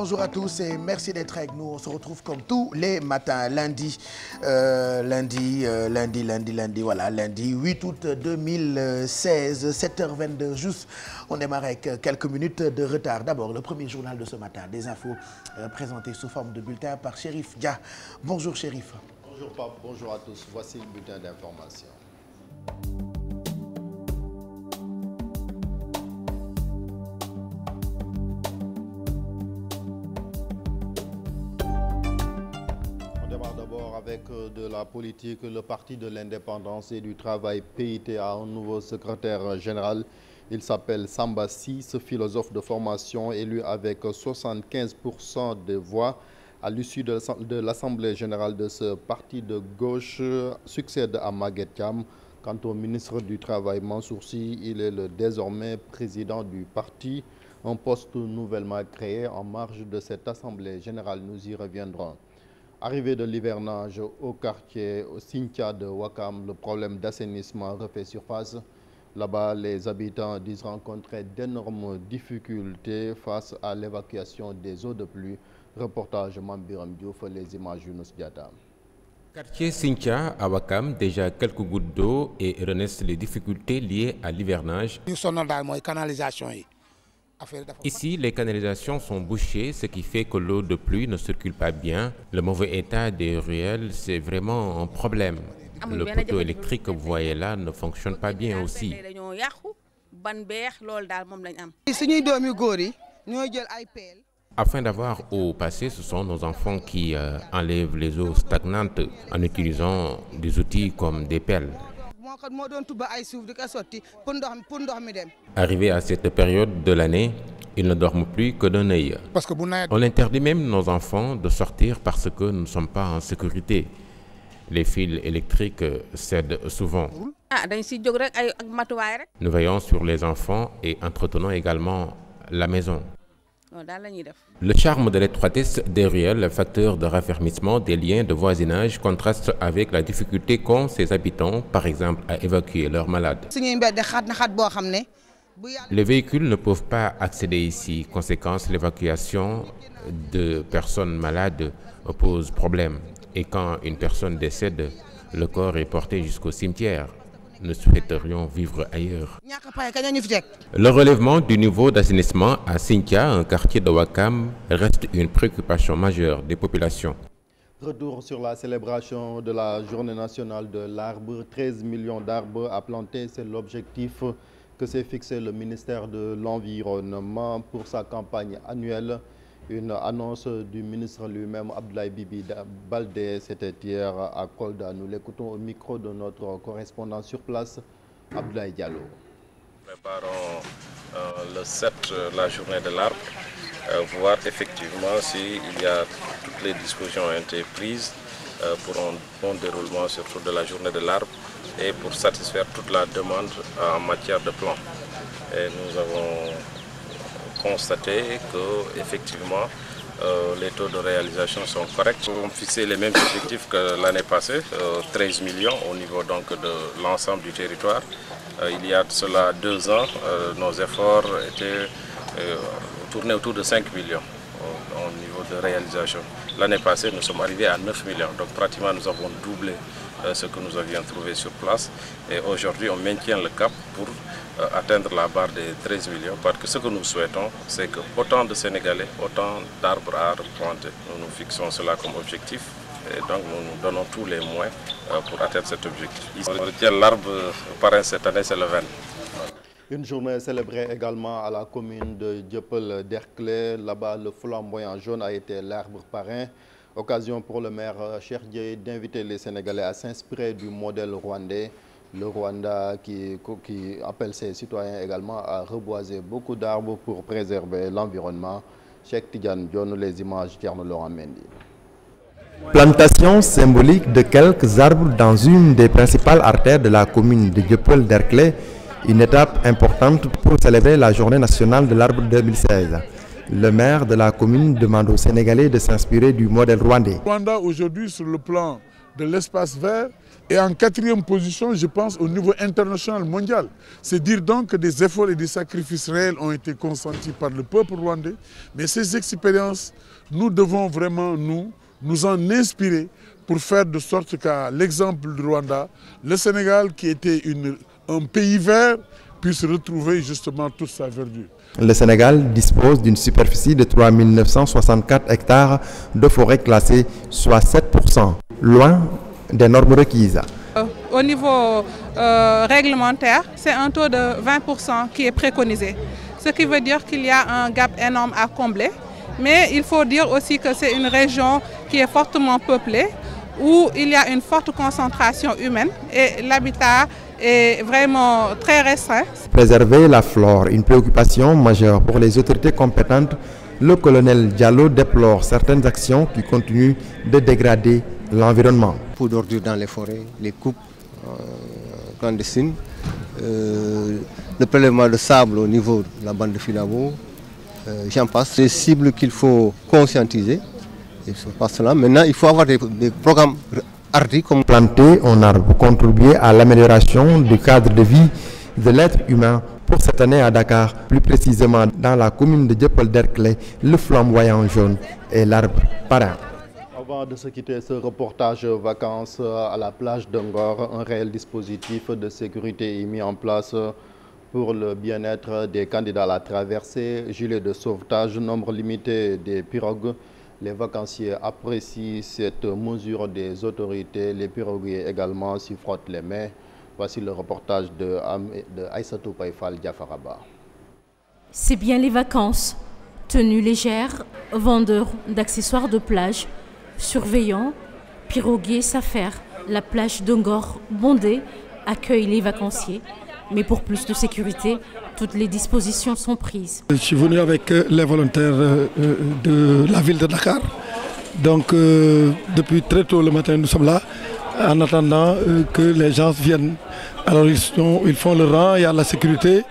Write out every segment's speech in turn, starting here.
bonjour à tous merci d'être avec nous. On se retrouve comme tous les matins, lundi, euh, lundi, euh, lundi, lundi, lundi, voilà, lundi 8 août 2016, 7h22 juste. On démarre avec quelques minutes de retard. D'abord, le premier journal de ce matin, des infos euh, présentées sous forme de bulletin par Chérif Dia. Bonjour Chérif. Bonjour Pape, bonjour à tous. Voici le avec euh, de la politique, le Parti de l'indépendance et du travail PIT a un nouveau secrétaire général. Il s'appelle Samba Si, ce de formation élu avec 75% des voix à l'issue de l'Assemblée générale de ce parti de gauche succède à Maguette Thiam. Quant ministre du Travail Mansour Sy, il est le désormais président du parti, un poste nouvellement créé en marge de cette Assemblée générale. Nous y Arrivée de l'hivernage au quartier, au de Wakam, le problème d'assainissement refait surface. Là-bas, les habitants disent rencontrer d'énormes difficultés face à l'évacuation des eaux de pluie. Reportage Mambiram Diouf, les images Younous Diata. Quartier Cynthia à Wakam, déjà quelques gouttes d'eau et renaissent les difficultés liées à l'hivernage. Nous sommes dans la canalisation. Ici, les canalisations sont bouchées, ce qui fait que l'eau de pluie ne circule pas bien. Le mauvais état des ruelles, c'est vraiment un problème. Le poteau électrique que vous voyez là ne fonctionne pas bien aussi. Afin d'avoir eau passée, ce sont nos enfants qui euh, enlèvent les eaux stagnantes en utilisant des outils comme des pelles. moo moo doon tubba ay suuf di ko sotti pour à cette période de l'année, ils ne dorment plus que d'un œil. Parce que on interdit même nos enfants de sortir parce que nous ne sommes pas en sécurité. Les fils électriques cèdent souvent. Ah, nous veillons sur les enfants et entretenons également la maison. Le charme de l'étroitesse des ruelles, le facteur de raffermissement des liens de voisinage, contraste avec la difficulté qu'ont ses habitants, par exemple, à évacuer leurs malades. Les véhicules ne peuvent pas accéder ici. Conséquence, l'évacuation de personnes malades pose problème. Et quand une personne décède, le corps est porté jusqu'au cimetière. ne souhaiterions vivre ailleurs. Le relèvement du niveau d'assainissement à Sintia, un quartier de Wakam, reste une préoccupation majeure des populations. Retour sur la célébration de la journée nationale de l'arbre. 13 millions d'arbres à planter, c'est l'objectif que s'est fixé le ministère de l'Environnement pour sa campagne annuelle. Une annonce du ministre lui-même, Abdoulaye Bibi Baldé, c'était hier à Kolda. Nous l'écoutons au micro de notre correspondant sur place, Abdoulaye Diallo. Nous préparons euh, le 7, euh, la journée de l'arbre, euh, effectivement s'il si y a toutes les dispositions ont euh, pour un bon déroulement, surtout de la journée de l'arbre, et pour satisfaire toute la demande en matière de plan. Et constaté que effectivement euh, les taux de réalisation sont corrects. On fixait les mêmes objectifs que l'année passée, euh, 13 millions au niveau donc de l'ensemble du territoire. Euh, il y a de cela deux ans, euh, nos efforts étaient euh, tournaient autour de 5 millions. en niveau de réalisation. L'année passée, nous sommes arrivés à 9 pratiquement nous avons doublé euh, ce que nous avions trouvé sur place. Et aujourd'hui, on maintient le cap pour euh, atteindre la barre des 13 millions, parce que ce que nous souhaitons, c'est que autant de Sénégalais, autant d'arbres à replanter. Nous fixons cela comme objectif et nous donnons tous les moyens euh, pour atteindre cet objectif. L'arbre parrain cette année, c'est le Une journée célébrée également à la commune de Dieuppeul-Derklé. Là-bas, le flamboyant jaune a été l'arbre parrain. Occasion pour le maire euh, Cheikh Dieye d'inviter les Sénégalais à s'inspirer du modèle rwandais. Le Rwanda qui, appelle ses citoyens également à reboiser beaucoup d'arbres pour préserver l'environnement. Cheikh Tidiane Dione, les images Thierno Laurent Mendy. Plantation symbolique de quelques arbres dans une des principales artères de la commune de dieuppeul une étape importante pour célébrer la journée nationale de l'arbre Le maire de la commune demande aux Sénégalais de s'inspirer du modèle rwandais. Rwanda aujourd'hui sur le plan de l'espace vert et en quatrième position, je pense, au niveau international mondial. C'est dire donc que des efforts et des sacrifices réels ont été consentis par le peuple rwandais. Mais ces expériences, nous devons vraiment, nous, en inspirer pour faire de sorte qu'à l'exemple du Rwanda, le Sénégal, qui un pays vert puisse retrouver justement toute sa verdure. Le Sénégal dispose d'une superficie de 3 964 hectares de forêt classée, soit 7%, loin des euh, euh, est préconisé, ce qui veut dire un gap Mais il faut dire que c'est une une forte concentration humaine et est vraiment très restreint. Préserver la flore, une préoccupation majeure pour les autorités compétentes, le colonel Diallo déplore certaines actions qui continuent de dégrader l'environnement. Pour d'ordures dans les forêts, les coupes euh, clandestines, euh, de sable au niveau de la bande de Filabo, euh, j'en passe. C'est cibles qu'il faut conscientiser. Et ce Maintenant, il faut avoir des programmes arti comme planter un arbre, contribuer à l'amélioration du cadre de vie de l'être humain. Pour cette année à Dakar, plus précisément dans la commune de Dieuppeul-Derklé, le flamboyant jaune est l'arbre parrain. Avant de se quitter ce reportage vacances à la plage d'Angor, un réel dispositif de sécurité est mis en place pour le bien-être des candidats à la traversée, gilets de sauvetage, nombre limité des pirogues Les vacanciers apprécient cette mesure des autorités. Les piroguiers également s'y frottent les mains. Voici le reportage de, de Aïssatou Paifal Diafaraba. C'est bien les vacances. Tenues légères, vendeurs d'accessoires de plage, surveillants, piroguiers s'affairent. La plage d'Ongor, bondée, accueille les vacanciers. Mais pour plus de sécurité, toutes les dispositions sont prises. Je suis venu avec euh, les volontaires euh, euh, de la ville de Dakar. Donc euh, depuis très tôt le matin, nous sommes là en attendant euh, que les gens viennent. Alors ils, sont, ils font le rang, il y a la sécurité,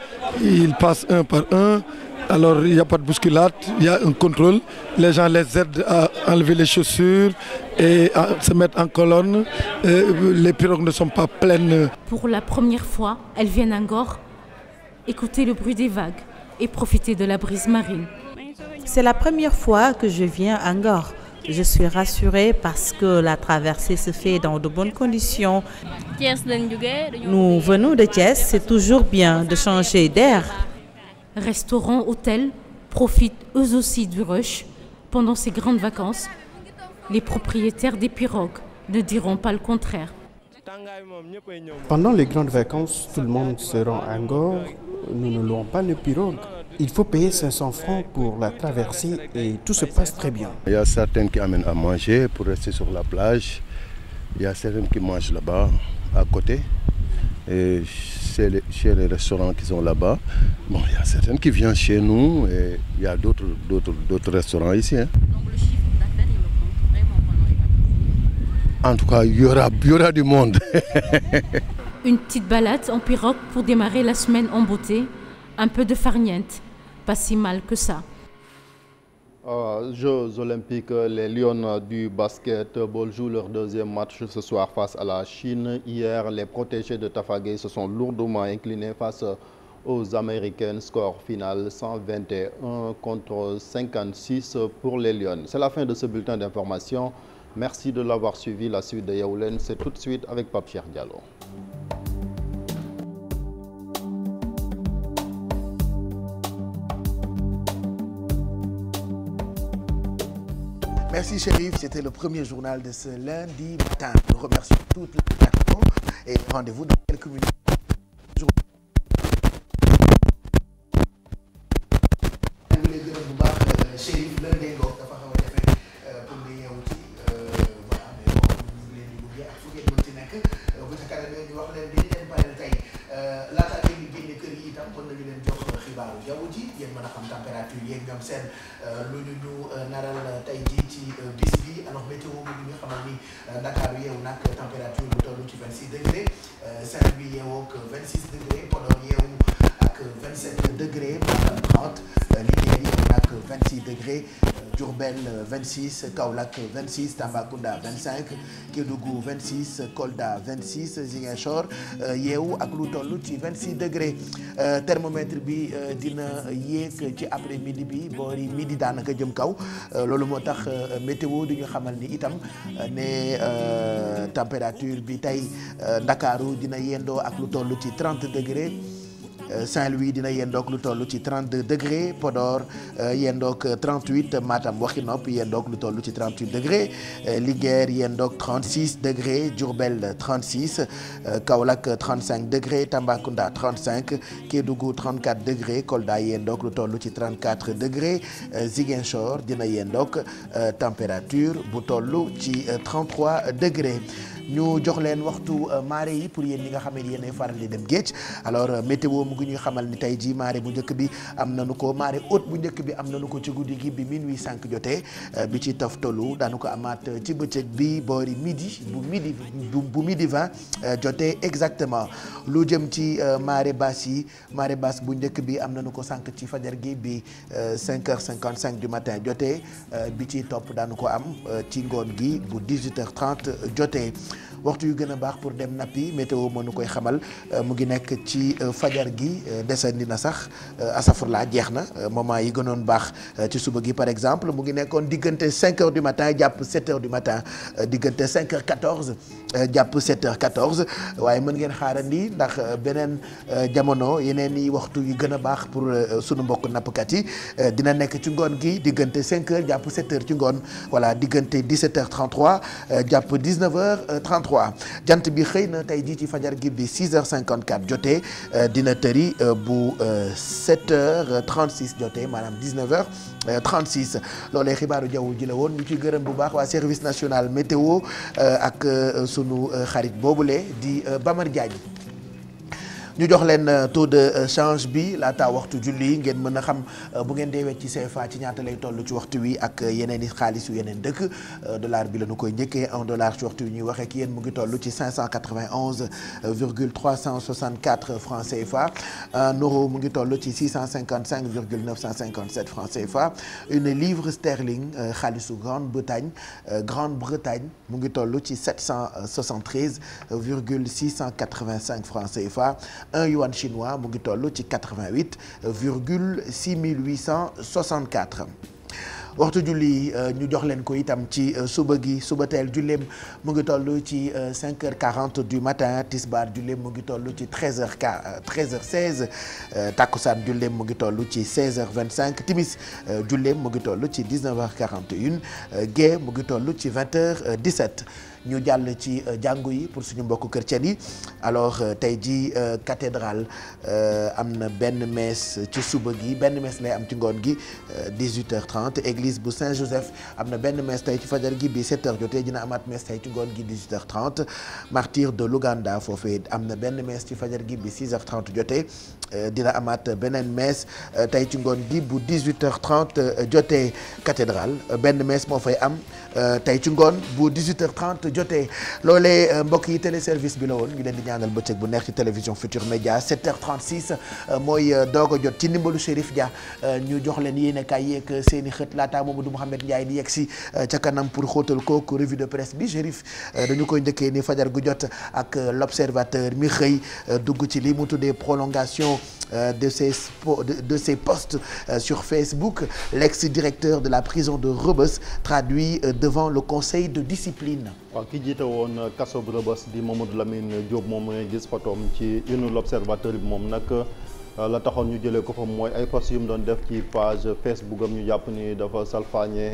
ils passent un par un. Alors, il n'y a pas de bousculade, il y a un contrôle. Les gens les aident à enlever les chaussures et à se mettre en colonne. Et euh, les pirogues ne sont pas pleines. Pour la première fois, elles viennent à Ngor écouter le bruit des vagues et profiter de la brise marine. C'est la première fois que je viens à Ngor. Je suis rassurée parce que la traversée se fait dans de bonnes conditions. Nous venons de Thiès, c'est toujours bien de changer d'air. restaurants, hôtels profitent eux aussi du rush pendant ces grandes vacances. Les propriétaires des pirogues ne diront pas le contraire. Pendant les grandes vacances, tout le monde se rend Nous ne louons pas nos pirogues. Il faut payer francs pour la traversée et tout se passe très bien. Il y a certaines qui amènent à manger pour rester sur la plage. Il y a certaines qui mangent là-bas, à côté. chez les, chez restaurants qui sont là-bas. Bon, il y a certaines qui viennent chez nous et il y a d'autres, restaurants ici. En tout cas, y aura, du monde. Une petite balade en pirogue pour démarrer la semaine en beauté. Un peu de farniente, pas si mal que ça. Euh, Jeux olympiques, les Lions du basketball jouent leur deuxième match ce soir face à la Chine. Hier, les protégés de Tafagay se sont lourdement inclinés face aux Américaines. Score final 121 contre 56 pour les Lions. C'est fin de ce bulletin d'information. Merci de l'avoir suivi. La suite de Yaoulen, c'est tout de suite avec Pape Diallo. Merci Chérif, c'était le premier journal de ce lundi matin. Nous remercions toutes les personnes et rendez-vous dans quelques minutes. ñu lay gërëm bu baax Chérif lundi ngoog dafa xaw a jafe euh, pour nga yeewu ci euh, voilà mais bon ñu ngi leen di gunge ak fu ngeen mën ci nekk euh, bu ca kanam ñu wax leen di leen pareel tey laata ngeen di génne kër yi itam mën nañu leen jox xibaaru jaww ji ngeen mën a xam température yeeg ñoom seen lu ñu ñu. Dakar Diourbel 26 euh, Kaolack 26 Tambacounda 25 Kédougou 26 Kolda 26 Ziguinchor euh, yeewu ak lu toll ci 26 degré euh, thermomètre bi dina yéeg ci après midi bi boori midi daanaka jëm kaw loolu moo tax météo di xamal ni itam ne température bi tey Ndakaaru dina yendoo ak lu toll ci 30 degré. Euh, Saint-Louis dina yendoog lu tollu ci 32 degré Podor euh, yendoog 38 euh, Matam waxi nopp yendoog lu tollu ci 38 degré Linguère yendoog 36 degré Diourbel 36 Kaolack 35 degré Tambacounda 35 Kédougou 34 degré Kolda yendoog lu toll ci 34 degré Ziguinchor dina yendoog température bu toll ci 33 degré. ñu jox leen waxtu euh, marée yi pour yéen ñi nga xam ne yéenay faral di dem géej alors euh, météo mu ngi ñuy xamal ni tey ji marée bu njëkk bi am na nañu ko marée ot bu njëkk bi am nañu ko ci guddi gi bi minuit cinq jotee euh, bi ci taftalu daanu ko amaat ci bëccëg bi boori midi bu midi bu midi vingt jotee exactement lu jëm ci marée basse yi marée basse bu njëkk bi am na nañu ko sànq ci fajar gi bi cinq heures cinquante cinq du matin jotee bi ci topp daanu ko am ci ngoon gi bu dix huit heures jotee waxtu yu gën a baax pour dem nappi météo mënu koy xamal euh, mu ngi nekk ci euh, fajar gi euh, desandi na sax asafurlaa jeex na moment yi gënoon baax ci suba gi par exemple mu ngi nekkoon diggante 5 heures du matin jàpp 7 du matin diggante 5 heures 14 jàpp 7 heures waaye mën ngeen xaarandi ndax beneen jamono yeneen i waxtu yu gën a baax pour sunu mbokk nappkat yi dina nekk ci ngoon gi diggante 5 heures jàpp 7 ci ngoon voilà diggante 17 heures 33 jàpp 2023 jant bi xëy na tey jii ci fajar gi bi 6h54 jotee euh, dina tëri euh, bu 7h36 euh, jotee maanaam 19h36 loolee xibaaru jaww ji la woon ñu ci gërëm bu baax waa service national météo ak sunu xarit boobu boobule di Bamar Diagne. ñu jox leen euh, taux de euh, change bi laata waxtu julli ngeen mën a xam euh, bu ngeen deewee ci CFA ci ñaata lay toll ci waxtu wi ak yeneen i xaalis yu yeneen dëkk dollar bi la koy njëkkee un dollar ci waxtu wi ñuy waxee ak yéen mu ngi toll ci 591 virgule 364 francs CFA un euro mu ngi toll ci 655 virgule 957 francs CFA une livre sterling xaalisu Grande-Bretagne Grande-Bretagne mu ngi toll ci 773 virgule 685 francs CFA un yuan chinois mu ngi toll ci 88 virgule 6864 waxtu julli euh, ñu jox leen ko itam ci euh, suba gi suba teel julleem mu ngi toll ci 5 euh, heures 40 du matin tisbaar julleem mu ngi toll ci 13 heures 13 heures 16 takkusaan julleem mu ngi toll ci 16 heures 25 timis julleem mu ngi tollu ci 19 heures 41 gée mu ngi toll ci 20 heures 17 ñu jàll ci euh, jàngu yi pour suñu mbokku chrétien yi alors euh, tey ji euh, cathédrale am na benn messe ci suba gi benn messe lay am ci ngoon gi 18h30 église bu Saint-Joseph am na benn messe tey ci fajar gi bi 7 jotee dina amaat messe tey ci ngoon gi 18h30 de l'Ouganda foofee am na benn messe ci fajar gi bi 6h30 jotee dina amaat beneen messe tey ci ngoon gi bu 18h30 jotee cathédrale benn messe moo fay am. Euh, tey ci ngoon bu 18h30 jotee loolee euh, mbokk yi téléservice bi la woon ñu leen di ñaanal bëccëg bu neex ci télévision Futur Média 7h36 euh, mooy doog a jot ci ndimbalu Chérif Dia ñu jox leen yéen a kaay yeeg seen i xët laataa Mamadou Mouhamed Ndiaye di yegg si ca kanam pour xóotal kooku revue de presse bi Chérif dañu koy njëkkee ni fajar gu jot ak l'observateur mi xëy dugg ci li mu tuddee prolongation. Euh, de ses de ses posts euh, sur Facebook l'ex-directeur de la prison de Rebeuss traduit euh, devant le conseil de discipline. waaw ki jiite woon kaso bu Rebeuss di Mamadou Lamine Diop moom ngay gis fotoom ci une l'observateur bi moom nag la taxoon ñu jëlee ko fa mooy ay post yu mu doon def ci page Facebook am ñu jàpp ni dafa salfaañe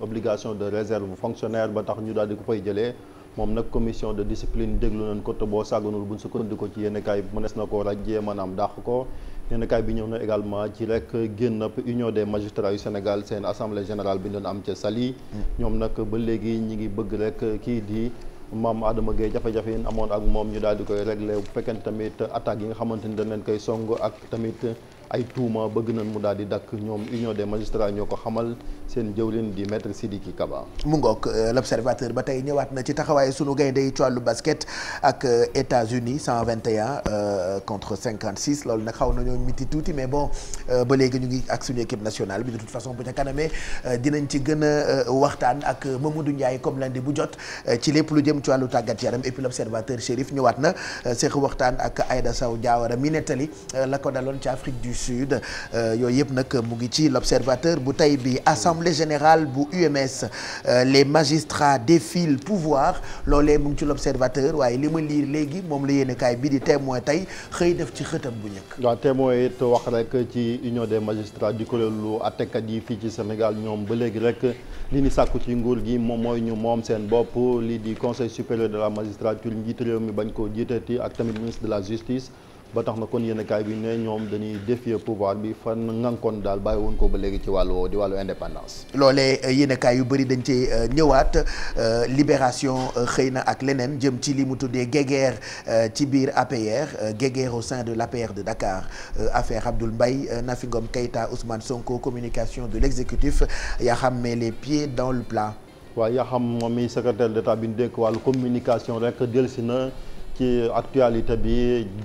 obligation de réserve fonctionnaire ba tax ñu daal di ko fay jëlee. moom nag commission de discipline déglu nañ ko te boo sàgganul buñ sukkandiku ci yenn kaay mënees na ko rajjee manaam dàq ko yenn kaay bi ñëw na également ci rek génn union des magistrats yu Sénégal seen assemblée générale bi doon am ca sali ñoom nag ba léegi ñi ngi bëgg rek kii di maam Adama Gueye jafe-jafe yi amoon ak moom ñu daal di koy réglé bu fekkente tamit attaques yi nga xamante ni dañ leen koy song ak tamit ay tuuma bëgg nañ mu daal di dakk ñoom union des magistrats ñoo ko xamal seen jëwriñ di maître Sidiki Kaba. mu ngoog euh, l'observateur ba tey ñëwaat na ci taxawaayu sunu gaynde yi ci wàllu basket ak euh, États-Unis 121 euh, contre 56 loolu nag xaw nañoo miti tuuti mais bon ba léegi ñu ngi ak suñu équipe nationale bi de toute façon bu ca kanamee dinañ ci gën a waxtaan ak Mamadou Ndiaye comme lundi bu jot ci lépp lu jëm ci wàllu tàggat yaram et puis l'observateur Chérif ñëwaat na seq waxtaan ak Aïda Sow Diawara mi nettali la ko daloon ci sud euh, yooyu yëpp nag mu ngi ci l'observateur bu tey bi assemblée générale bu UMS euh, les magistrats défilent pouvoir loolee mu ngi ci l'observateur waaye li ma liir léegi moom la yéenekaay bi di témoin tey xëy def ci xëtam bu ñëkk njëkk. waaw témoin te wax rek ci union des magistrats di kuréelu àttekat yi fii ci Sénégal ñoom ba léegi rek li ni sàkku ci nguur gi moom mooy ñu moom seen bopp lii di conseil supérieur de la magistrature njiitu réew mi bañ koo jiitati ak tamit ministre de la justice. ba tax na kon yéen bi ne ñoom dañuy défier pouvoir bi fan ngankoon daal bàyyi woon ko ba léegi ci wàllu di wàllu indépendance. loolee euh, yéen yu bëri dañ cee euh, ñëwaat euh, libération xëy na ak leneen jëm ci li mu tuddee guéguerre ci biir APR guéguerre au sein de l'APR de Dakar affaire Abdoul Mbaye Nafi Ngom Keïta Ousmane Sonko communication de l'exécutif yaa xam ne les pieds dans le plat. waaw yaa xam moom mi secrétaire d'état bi ñu dénk wàll communication rek dellusi na. ci actualité bi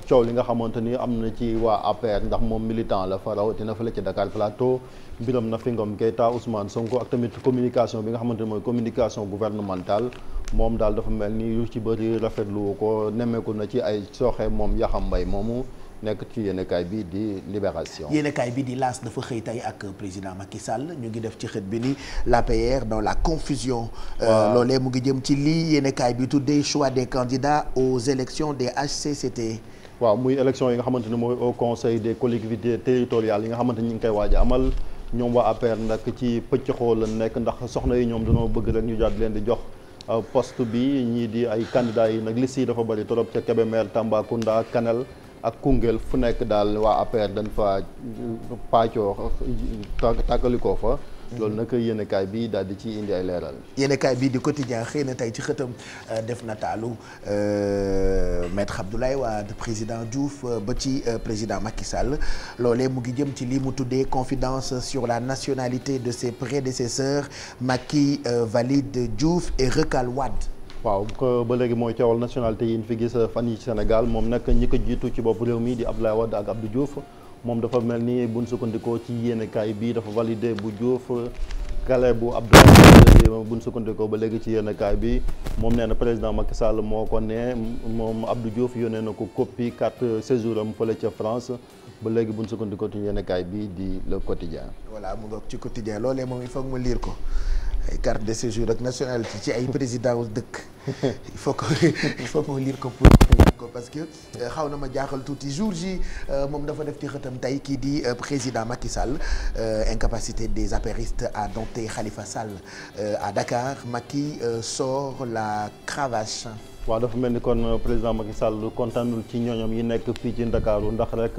coow li nga xamante ni am na ci waa APR ndax moom militant la fa rawatina fële ci Dakar Plateau mbiram Nafi Ngom Keïta Ousmane Sonko ak tamit communication bi nga xamante ni mooy communication gouvernementale moom daal dafa mel ni yu ci bëri rafetlu ko nemeeku na ci ay sooxe moom Yaxam mbay moomu. nekk ci yéenekaay bi di Libération. yéenekaay bi di L'As dafa xëy tey ak président Macky Sall ñu ngi def ci xët bi ni l'APR dans la confusion. Euh, loolee mu ngi jëm ci lii yéenekaay bi tuddee choix des candidats aux élections des HCCT. waaw muy élection yi nga xamante ne mooy au conseil des collectivités territoriales yi nga xamante ni ñu ngi koy waaj amal ñoom waa APR nag ci pëccxoo la nekk ndax soxna yi ñoom dañoo bëgg rek ñu daal leen di jox euh, poste bi ñii di ay candidats yi nag liste yi dafa bari trop ca Kébémer Tambacounda Kanel. ak Koungheul fu nekk daal waa APR dañ fa paacoo tàkkalikoo fa mhm. loolu nag yéenekaay bi daal di ci indi ay leeral. yéenekaay bii di quotidien xëy na tey ci xëtam euh, def na taalu nataalu euh, maître waa Wade président Diouf euh, ba ci président Macky Sall loolee mu ngi jëm ci lii mu tuddee confidence sur la nationalité de ses prédécesseurs Macky valide Diouf e recale Wade. waaw ba léegi mooy coowal nationalité yi ñu fi gis euh, fan yi ci Sénégal moom nag ñi ko jiitu ci bopp réew mi di Abdoulaye Wade ak Abdou Diouf moom dafa mel ni buñ sukkandikoo ci yéenekaay bi dafa validé bu Diouf kale bu Abdoulaye buñ sukkandikoo ba léegi ci yéenekaay bi moom nee na président Macky Sall moo ko ne moom Abdou Diouf yónnee na ko copie carte séjour am fële ca France ba léegi buñ sukkandikoo ci yéenekaay bi di le quotidien voilà mu ngoog ci quotidien loolee moom il foog ma liir ko ay carte de séjour ci ay président wu dëkk il faut que il ko pour ko parce que euh, xaw na ma jaaxal tuuti jour ji euh, moom dafa def ci xëtam tey kii di euh, président Macky Sall incapacité des apéristes à dompter xalifa Sall à Dakar Macky sort la cravache waaw dafa mel ni kon président Macky Sall kontaanul ci ñooñom yi nekk fii ci Ndakaaru ndax rek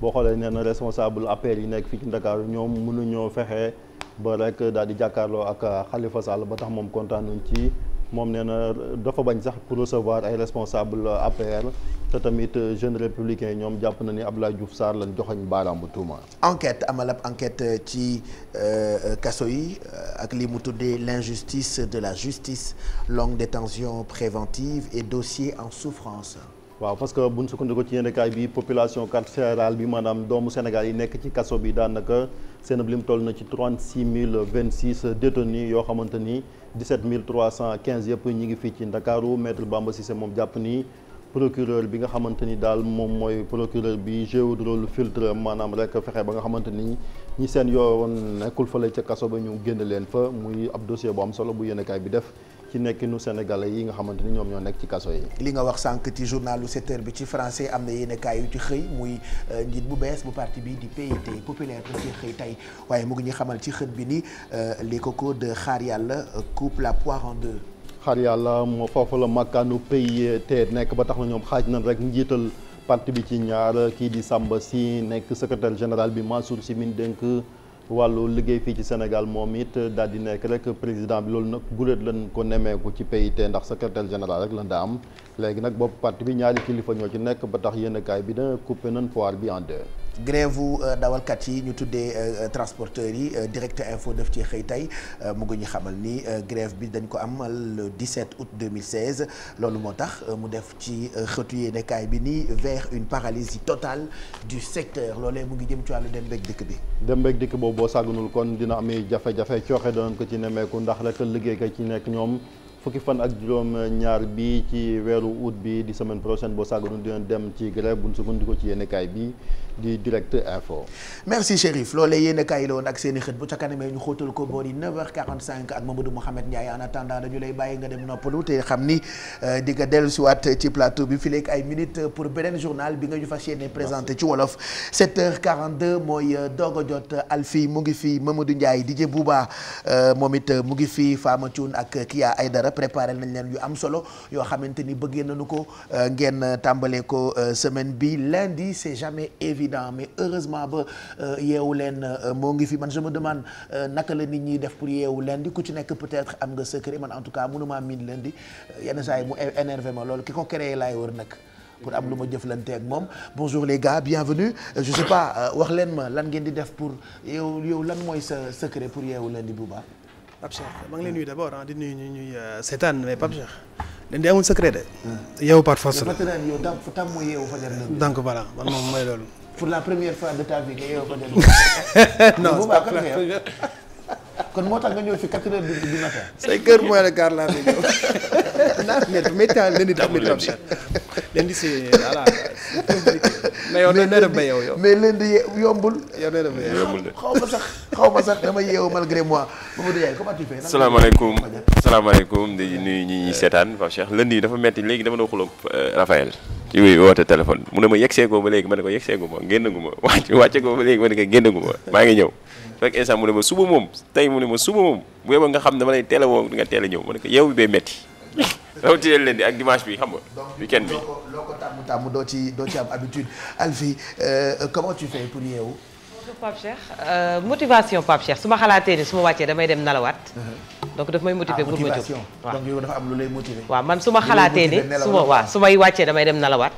boo xoolee nee na responsable APR yi nekk fii ci Ndakaaru ñoom mënuñoo fexe ba rek daal di jàkkaarloo ak xalifa euh, Sall ba tax moom kontaanuñ ci moom nee na dafa bañ sax pour recevoir ay responsable euh, APR te tamit euh, jeune républicain ñoom jàpp na ni Abdoulaye Diouf Sarr lañ joxoñ baaraamu tuuma. enquête amal enquête ci casso yi ak li mu tuddee l'injustice de la justice longue détention préventive et dossier en souffrance. waaw parce que bu ñu sukkandiku ci yenn kaay bi population carcérale bi maanaam doomu Sénégal yi nekk ci kaso bi daanaka. Sénab lim toll na ci trente six mille vingt six détenus yoo xamante ni dix sept mille trois cent quinze yëpp ñi ngi fii ci Ndakaaru maître Bamba Cissé moom jàpp ni procureur bi nga xamante ni daal moom mooy procureur bi joué rôle filtre maanaam rekk fexe ba nga xamante ni ñi seen yoon nekkul fële ca kaso ba ñu génn leen fa muy ab dossier bu am solo bu yéenekaay bi def. ci nekkinu sénégalais yi nga xamante ni ñoom ñoo nekk ci kaso yi. li nga wax sànq ti journalu 7 heures bi ci français am na yenn kaay yu ci xëy muy euh, njiit bu bees bu parti bi di PIT populaire da ci xëy tey waaye mu ngi ñu xamal ci xët bi ni euh, les cocos de xaar yàlla euh, coupe la poire en deux. xaar yàlla moo foofu la makkaanu te nekk ba tax na ñoom xaaj nañ rek njiital parti bi ci ñaar kii di Samba si nekk secrétaire général bi Mansour si min dénk wàllu liggéey fii ci Sénégal moom it daal di nekk rek président bi loolu nag guléet lan ko nemmeeku ci PIT ndax secrétaire général rek lan daa am léegi nag bopp parti bi ñaari kilifa ñoo ci nekk ba tax yéen kaay bi dina coupé nan foire bi en deux. grève euh, dawalkat yi ñu tuddee euh, euh, transporteurs yi direct info def ci xëy tey mu ngi ñu xamal ni grève bi dañ ko amal le 17 août 2016 loolu moo tax mu def ci xëtu yéenekaay bi nii vers une paralysie totale du secteur loolee mu ngi jëm ci wàllu dem beeg dikk bi. dem beeg dikk boobu boo sàggunul kon dina amee jafe-jafe cooxe doon ko ci nemmeeku ndax la liggéey ka ci nekk ñoom. fukki fan ak juróom ñaar bi ci weeru août bi di semaine prochaine boo sàgganu dina dem ci grève buñ sukkandiku ci yéenekaay bi di direct info. merci Chérif loolee yéenekaay la woon ak seen xët bu ca kanamee ñu xóotal ko boori 9h45 ak Mamadou Mouhamed Ndiaye en attendant dañu lay bàyyi nga dem noppalu te xam ni euh, di nga dellusiwaat ci plateau bi fileeg ay minutes pour beneen journal bi nga ñu fas yéene présenté ci wolof 7h42 mooy euh, doog a jot Alfi mu ngi fi Mamadou Ndiaye DJ Bouba euh, moom it mu ngi fi Fama Thioune ak Kia Aydara. préparé lañ leen yu am solo yoo xamante ni bëggee nañu ko euh, ngeen euh, tàmbalee ko euh, semaine bi lundi c'est jamais évident mais heureusement ba yeewu leen moo ngi fi man je me demande naka la nit ñi def pour yeewu di ku ci nekk peut-être am nga secret man en tout cas mënuma miin lundi yenn saa yi mu énervé ma loolu ki ko créé laay war nag. pour am lu ma jëflante ak moom bonjour les gars bienvenue je sais pas wax leen ma lan ngeen di def pour yow lan mooy sa secret pour yeewu lundi bu baax. Pape Cheikh maa ngi lay nuyu d'abord ah di nuyu ñu ñuy euh, seetaan mais Pape Cheikh dañ di amul secret de. yow par force la yow tam fu tam mooy yeewu fajar la. donc voilà man moom mooy loolu. pour la première fois de ta vie nga yeewu fajar la. non kon moo tax nga ñëw fi quatre heures du du matin. cinq heures moins le quart laa fi ñëw. naan ñett météo lundi tamit ba yow yow. mais lundi yombul. yow nooy def xaw ma sax xaw ma sax dama yeewu malgré moi Mamadou Yaye comment tu salaamaaleykum salaamaaleykum di nuyu ñi ñuy seetaan Pape Cheikh lundi dafa metti léegi dama doon xulóom euh, Raphaël. ci biir woote téléphone mu ne ma yegg seegoo ba léegi ma ne ko yegg seegu ma génnagu ma wàcc wàcce ko ba léegi ma ne ko génnagu ma maa ngi ñëw. fekk instant mu ne ma suba moom tey mu ne ma suba moom bu yeboo nga xam ne dama lay teel a woo nga teel a ñëw ma ne ko yow bi bee métti rawatina leen di ak dimanche bi xam nga weekend bi loo ko tàmm tàmm doo ci doo ci am habitude Alfie euh, comment tu fais pour yeewu bonjour Pape Cheikh euh, motivation Pape Cheikh su ma xalaatee ni su ma wàccee damay dem nalawaat. Uh-huh. donc daf may motiver pour ma jóg ah, waaw donc yow dafa am lu lay motiver. waaw man su ma xalaatee ni su ma may wàccee damay dem nalawaat.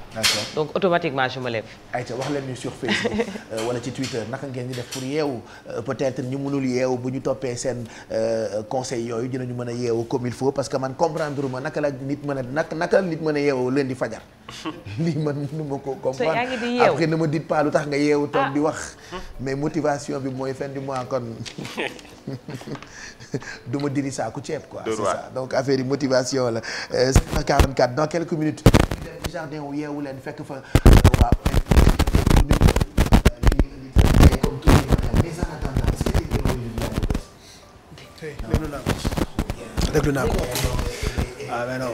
donc automatiquement je me lève. wax leen ñu sur Facebook euh, wala ci Twitter naka ngeen di def pour yeewu euh, peut-être ñu mënul yeewu bu ñu toppee seen conseil yooyu dinañu mën a yeewu comme il faut parce que man comprendre naka la nit mën a naka leen di fajar. lii man mënu ma ko comprendre après ne me dites pas lu tax nga yeewu toog di wax mais motivation bi mooy fin du mois kon du ma diri saaku ceeb quoi c'est ça donc affaire yi motivation la 744 dans quelques minutes ñu dem jardin wu yeewu leen fekk fa waa déglu naa ko waaw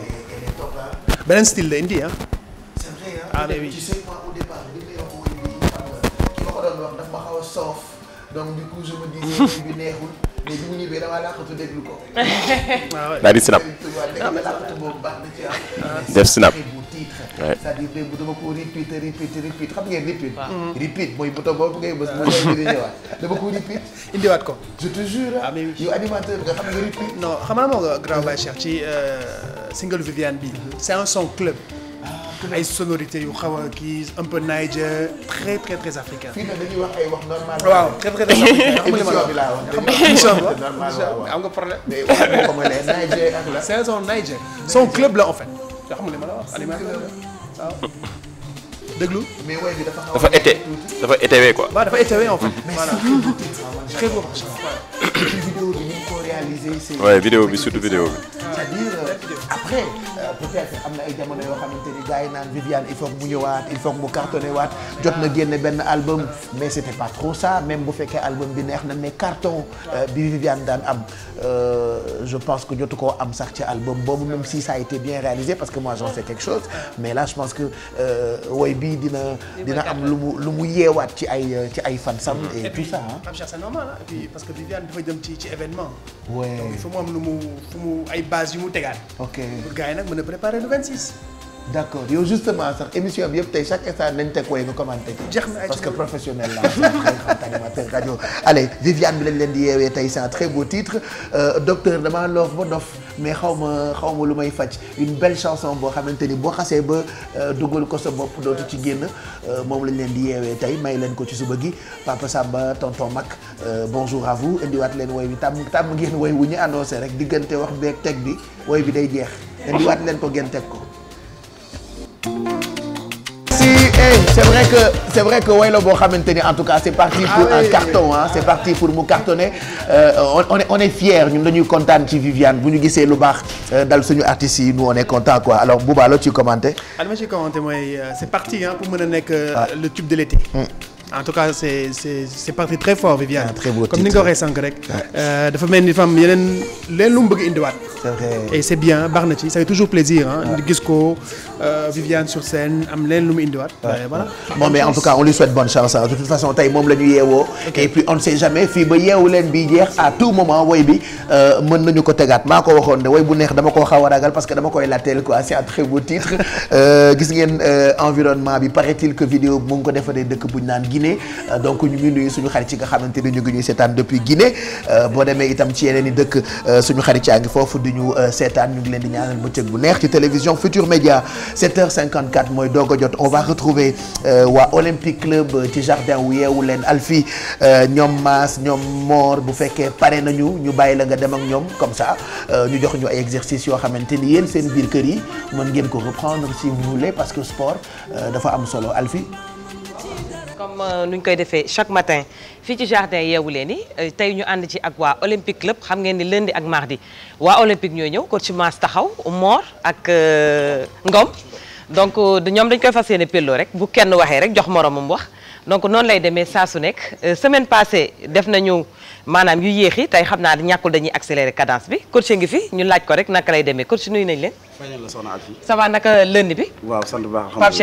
beneen style la indi ah ah mais oui tu sais moi au départ li may wax woy bi xam nga ki ma ko doon wax daf ma xaw a soof donc du coup je me dis bi neexul mais bi mu ñibbee damaa làqatu déglu ko. Ah daal di snap waaw làqatu boobu baax na ci am. Ah. Ah. def snap c'est-à-dire léegi bu dama ko repeat repeat repeat xam ngeen repeat. waaw mm-hmm. repeat mooy bouton boobu ngay bës mu ngi di ñëwaat dama ko repeat. indiwaat ko je te jure. ah mais yow animateur nga xam nga repeat. non xam naa moo nga grave Baye Cheikh ci euh, single Viviane bi. c'est un son club. ay sonorités yu xaw a kii un peu Niger très très très africain. fii nag dañuy wax ay wax normal. waaw très très émission bi laa wax émission bi am nga problème. mais waxuma ma ne Niger ak la. c'est son Niger son club la en fait. yoo xam nga li ma la wax animateur la waaw. déglu mais way bi dafa. dafa été dafa étéwee quoi. waaw dafa étéwee en fait. voilà très beau. analyser ces. waaye vidéo bi surtout vidéo bi. c'est-à-dire euh, après euh, peut-être am na ay jamono yoo xamante ni gars yi naan Viviane il faut que mu ñëwaat il faut que mu cartonné waat jot na génne benn album mais c'était pas trop ça même bu fekkee album bi neex na mais carton euh, bi Viviane daan am je pense que jotu koo am sax ci album boobu même si ça a été bien réalisé parce que moi j'en sais quelque chose mais là je pense que woy bi dina dina am lu mu lu mu yeewaat ci ay ci ay fansam et tout ça ah. et puis c'est normal et puis parce que Viviane dafa jëm ci ci événement. il faut mu am lu mu fu mu ay base yu mu tegaat. ok pour gars yi nag mën a préparer le 26. d' accord yow justement sax émission bi yëpp tey chaque instant nañ teg waaye nga commenté ci. jeex na parce que professionnel la xam nga animateur rajo. allez Viviane bi lañ leen di yeewee tey c'est un très beau titre euh, docteur damaa loof ba dof mais xaw ma xaw ma lu may faj une belle chanson boo xamante ni boo xasee ba euh, dugal ko sa bopp dootu ci génn euh, moom lañ leen di yeewee tey may leen ko ci suba gi papa Samba tonton Mac bonjour a vous indiwaat leen woy bi tàmm tàmm ngeen woy wu ñu annoncé rek diggante wax beeg teg bi woy bi day jeex indiwaat leen ko ngeen ko. hey eh, c'est vrai que c'est vrai que way la boo xamante ni en tout cas c'est parti ah pour un carton ah c'est parti pour mu cartonner euh, on est on est fier ñun dañuy kontaan ci Viviane bu ñu gisee lu baax euh, dal suñu artistes yi nous on est content quoi alors Bouba loo ciy commenté. alhamdulilah ciy commenté mooy euh, c'est parti ah pour mën a nekk le tube de l'été. Mm. en tout cas c'est c'est c'est parti très fort Viviane. Ah, très beau comme ni nga ko waxee sànq rek. Euh, dafa mel ni fam yeneen leen lu mu bëgg indiwaat. et c'est bien baax na ci ça fait toujours plaisir ah. gis ko euh, Viviane sur scène am leen lu mu indiwaat. voilà bon mais en tout cas on lui souhaite bonne chance de toute façon tey moom la ñu yeewoo. et puis on ne jamais fii ba yeewu leen bi jeex à tout moment woy bi euh, mën nañu ko tegaat maa ko waxoon ne woy bu neex dama koo xaw a ragal parce que dama koy latteel quoi c'est un très beau titre gis ngeen ko dëkk bu ñu naan Guinée euh, donc ñu ngi nuyu suñu xarit yi nga xamante ni ñu ngi ñuy seetaan depuis Guinée euh, boo demee itam ci yeneen i dëkk euh, suñu xarit yaa ngi foofu di ñu seetaan ñu ngi leen di ñaanal bëccëg bu neex ci télévision Futur Média 7h54 mooy doog a jot on va retrouver waa Olympique Club ci jardin wu yeewu leen Alfi ñoom Maas ñoom moor bu fekkee pare nañu ñu bàyyi la nga dem ak ñoom comme ça ñu jox ñu ay exercices yoo xamante ni yéen seen biir kër yi mën ngeen ko reprendre si vous voulez parce que sport dafa am solo Alfi comme euh, nu ñu koy defee chaque matin fii ci jardin yeewu leen ni euh, tey ñu ànd ci ak waa olympique club xam ngeen ni lundi ak mardi waa olympique ñooy ñëw coach Mass taxaw Mor ak euh, Ngom donc ñoom dañ koy fas yéene pelloo rek bu kenn waxee rek jox moromam wax donc noonu lay demee saa su nekk semaine passé def nañu. maanaam yu yéexi tey xam naa ñàkkul dañuy accélérer cadence bi coach ngi fi ñu laaj ko rek naka lay demee coach nuyu nañ leen fañal la soxna Alfi ça va naka lundi bi waaw sant baax Pape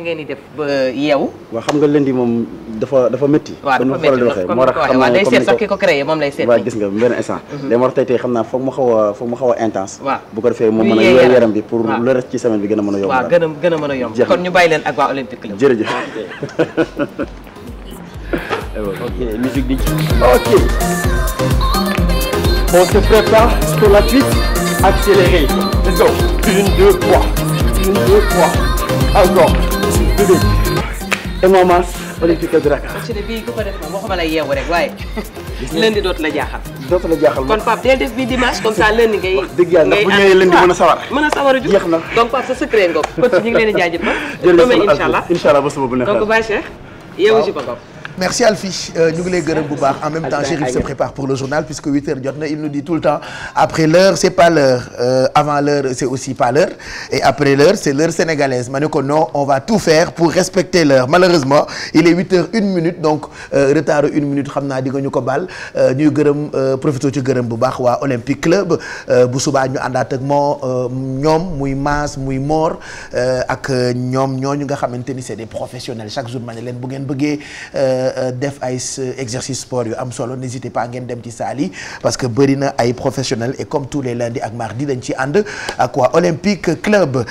ngeen di def ba yeewu waaw xam nga lundi moom dafa dafa métti waaw dafa métti waxe moo day gis nga benn instant mhm. day moo a foog mu xaw a intense moom mën bi pour le reste ci bi gën a mën a yomb waaw gën a gën a kon ñu bàyyi leen ak waa olympique la jërëjëf Eh ok, musique d'équipe. Ok. On se prépare pour la suite. Accéléré. Let's go. Une, a trois. Une, deux, trois. Ah, encore. Bébé. Et maman, on est piqué de la carte. bii ku moom waxuma la yeewu rek waaye. lundi dootu la jaaxal. dootu la jaaxal kon Pape dee def bii dimanche comme lundi ngay. wax dëgg yàlla bu ñëwee lundi ah, mën a sawar. mën a sawar a jug jeex na donc Pape sa secret nga ko. kon ñu ngi leen di jaajëfal. jërëjëf incha allah incha allah ba suba bu neexee donc Baye Cheikh merci Alfie euh, ñu ngi lay gërëm bu baax en même temps Chérif se prépare pour le journal puisque huit heures jot na il nous dit tout le temps après l'heure c'est pas l'heure euh, avant l'heure c'est aussi pas l'heure et après l'heure c'est l'heure sénégalaise ma ne ko non on va tout faire pour respecter l'heure malheureusement il est huit heures une minute donc euh, une minute xam naa di nga ñu ko baal euh, ñuy gërëm profité ci gërëm bu baax waa Olympique Club bu subaa ñu àndaat ak ñoom muy Maas muy Mor ak ñoom ñooñu nga xamante ni c'est des professionnels jour ma ne leen bu ngeen bëggee Euh, euh, def ay euh, exercice sport yu am solo n'hésitez pas ngeen dem ci saal yi parce que bëri na ay professionnels et comme tous les lundis ak di dañ ci ànd ak waa Olympique Club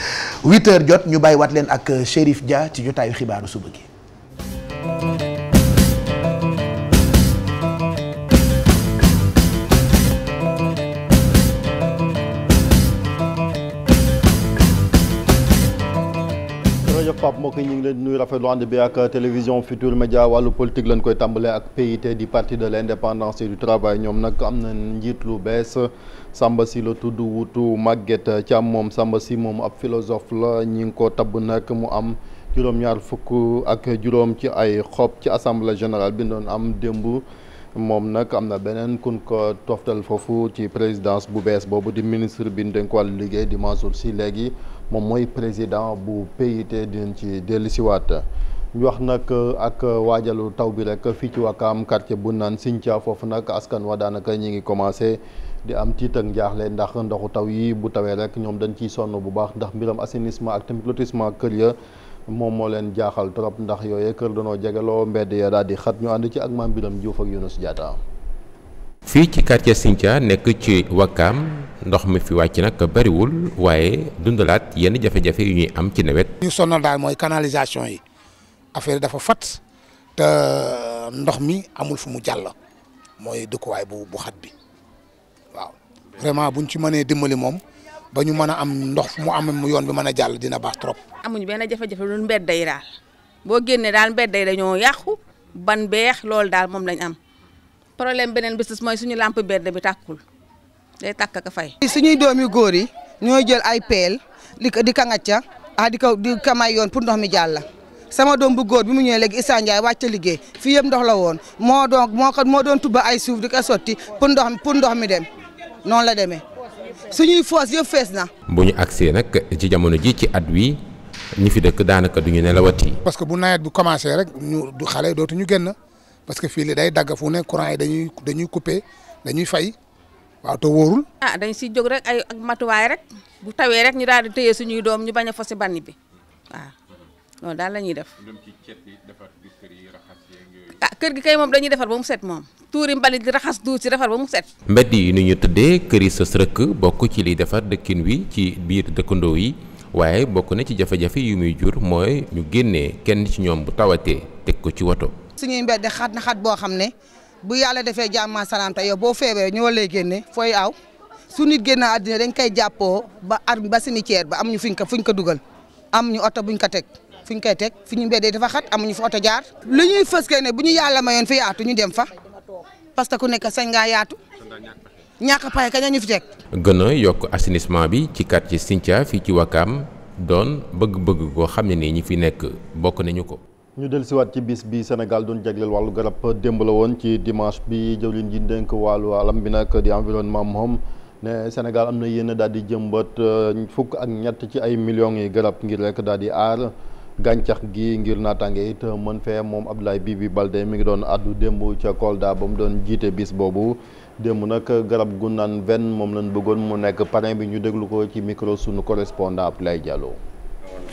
8h jot ñu bàyyiwaat leen ak Chérif Dia ci jotaayu xibaaru suba gi. Pape mbokk yi ñu ngi leen nuy rafet rafetlu ànd bi ak télévision Futur Média wàllu politique lañ koy tàmbalee ak PIT di parti de l' indépendance et du travail ñoom nag am na njiit lu bees Samba si la tudd wutu Maguette Thiam moom Samba si moom ab philosophe la ñi ngi ko tab nag mu am juróom-ñaar fukk ak juróom ci ay xob ci assemblée générale bi doon am démb moom nag am na beneen kun ko toftal foofu ci présidence bu bees boobu di ministre bi ñu dénk wàllu liggéey di Mansour si léegi. moom mooy président bu te dinañ ci dellusiwaat ñu wax nag ak waajalu taw bi rek fii ci Wakaam quartier bu naan Sinthia foofu nag askan wa daanaka ñi ngi commencé di am tiit njaaxle ndax ndoxu taw yi bu tawee rek ñoom dañ ciy sonn bu baax ndax mbiram assainissement ak tamit lotissement kër ya moom moo leen jaaxal trop ndax yooyee kër danoo jegeloo mbedd ya daal di xat ñu ànd ci ak maam Biram Diouf ak Younous Diatta fii ci quartier Sindia nekk ci wakaam ndox mi fi wàcc nag bariwul waaye dundalaat yenn jafe-jafe yu ñuy am ci nawet. ñu sonal daal mooy canalisation yi affaire dafa fat te euh, ndox mi amul fu mu jàll mooy dëkkuwaay bu xat bi waaw vraiment buñ ci mënee dimbali moom ba ñu mën a am ndox fu mu am mu yoon bi mën a jàll dina baax trop. amuñu benn jafe-jafe lu mbedd yi daal boo génnee daal mbedd yi dañoo yàqu ban beex loolu daal moom lañ am. problème beneen business mooy suñu lampe berde bi tàkkul day tàkk ka fay. suñuy doom yu góor yi ñoo jël ay peel di ko di ka ngacca ah di ko di may yoon pour ndox mi jàll. sama doom bu góor bi mu ñëwee léegi Issa Ndiaye wàcc liggéey fii yëpp ndox la woon moo doon moo ko moo doon tubba ay suuf di ko sotti pour ndox mi pour ndox mi dem noonu la demee suñuy foos yëpp fees na. bu ñu agsee nag ci jamono ji ci at wi ñu fi dëkk daanaka du ñu nelawati. parce que bu nawet bi commencé rek ñu xale dootuñu génn. parce que fii li day dagg fu ne courant yi dañuy dañuy coupé dañuy fay waaw te wóorul. ah dañ siy jóg rek ay matuwaay rek bu tawee rek ñu daal di téye suñuy doom ñu bañ a si banni bi waaw loolu daal la ñuy def. ah kër gi kay moom dañuy defar ba mu set moom tuuri mbalit di raxas duus si defar ba mu set. mbedd yi ni ñu tëddee kër yi sës rëkk bokk ci liy defar dëkkin wi ci biir dëkkandoo yi. waaye bokk na ci jafe-jafe yu muy jur mooy ñu génne kenn ci ñoom bu tawatee teg ko ci woto suñuy mbedd xat na xat boo xam ne bu yàlla defee jàmma salaam te yow boo feebee ñoo lay génne fooy aw su nit génn àddina dañ koy jàppoo ba ar ba cimetière ba amuñu fuñ ko ñu ko dugal am ñu oto buñ ko teg fuñ koy teg fi ñu mbedd dafa xat amuñu fa oto jaar. lu ñuy fëskee ne bu ñu yàlla mayoon fi yaatu ñu dem fa parce que ku nekk sañ ngaa yaatu. ñàkk pay kañ ñu fi teg. gën a yokk assainissement bi ci quartier Sinthia fii ci Wakaam doon bëgg-bëgg goo xam ne ni ñi fi nekk bokk nañu ko. ñu dellusiwaat ci bis bi Sénégal doon jagleel wàllu garab démb la woon ci dimanche bi jëwlin ji dénk wàllu waalam bi nag di environnement moom ne Sénégal am na yéen daal di jëmbat euh, fukk ak ñett ci ay millions yi garab ngir rekk daal di aar gàncax gi ngir naataange it mën fee moom ab bii bi Baldé mi ngi doon addu démb ca Kolda ba mu doon jiite bis boobu démb nag garab gu naan ven moom lañ bëggoon mu nekk parrain bi ñu déglu ko ci micro sunu correspondant Abdoulaye Diallo.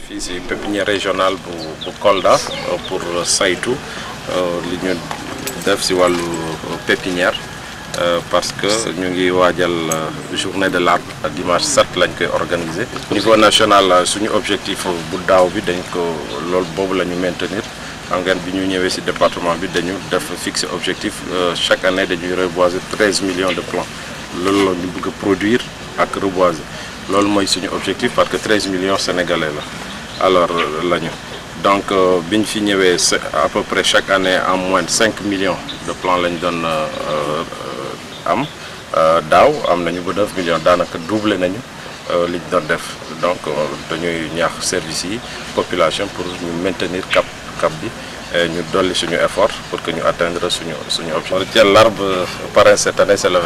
fii si pépinière régionale bu bu Kolda euh, pour saytu euh, li ñu def si wàllu euh, pépinière parce que ñu ngi waajal journée de l'arbre dimanche 7 lañ koy organiser. niveau national suñu objectif bu daaw bi dañ ko lool boobu la ñu maintenir. xam bi ñu ñëwee ci département bi dañu def fixé objectif chaque année dañuy reboiser treize millions de plants loolu la ñu bëgg a produire ak reboiser loolu mooy suñu objectif parce que treize millions sénégalais la. alors euh, lañu donc euh, bi ñu fi ñëwee à peu près chaque année en moins de 5 millions de plants lañ doon euh, am daaw am nañu ba 9 millions daanaka doublé nañu li ñu doon def donc dañuy ñaax service yi population pour ñu maintenir cap cap bi ñu dolli suñu effort pour que ñu atteindre suñu suñu option. Tiens, l'arbre parrain cette année c'est le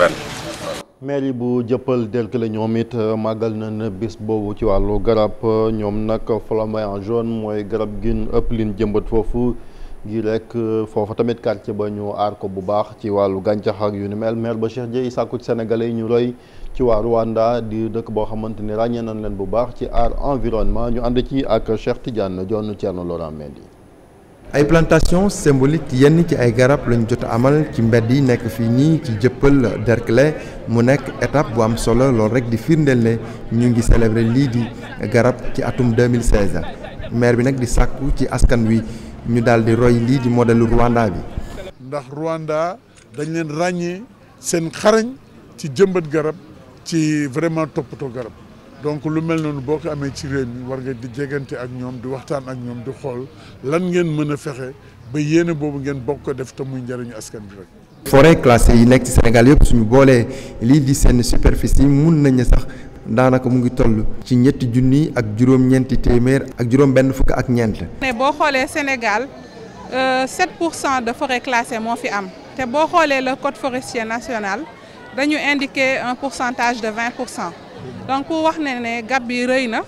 mairie bu jëppal Derklé ñoom it euh, màggal nañ bis boobu ci wàllu garab euh, ñoom nag flamboyant jaune mooy garab gi ëpp liñ jëmbat foofu ngir rek euh, foofu tamit quartier ba ñu aar ko bu baax ci wàllu gàncaxak ak yu ni mel maire ba Cheikh Dieye sàkku ci sénégalais yi ñu roy ci waa Rwanda di dëkk boo xamante ni ràññee nañ leen bu baax ci aar environnement ñu ànd ci ak Cheikh Tidiane Dione Thierno Laurent Mendy ay plantation symbolique yenn ci ay garab lañu jot amal ci mbedd yi nekk fi nii ci jëppal Derklé mu nekk étape bu am solo loolu rek di firndeel ne ñu ngi célébrer lii di garab ci atum 2016 maire bi nag di sàkku ci askan wi ñu daal di roy lii di modèle Rwanda bi. ndax Rwanda dañ leen ràññee seen xarañ ci jëmbat garab ci vraiment toppatoo garab. donc lu mel noonu boo ko amee ci réew mi war nga di jegante ak ñoom di waxtaan ak ñoom di xool lan ngeen mën a fexe ba yéene boobu ngeen bokk ko def te muy njëriñu askan bi rek. forêt classée yi nekk ci Sénégal yëpp suñu boolee lii di seen superficie mun nañu sax daanaka mu ngi tollu ci ñetti junni ak juróom-ñeenti téeméer ak juróom-benn fukk ak ñeent. mais boo xoolee Sénégal 7 euh, pour cent de forêt classée moo fi am te boo xoolee le code forestier national dañu indiqué un pourcentage de 20 pour cent. donc wax na ne gap bi rëy na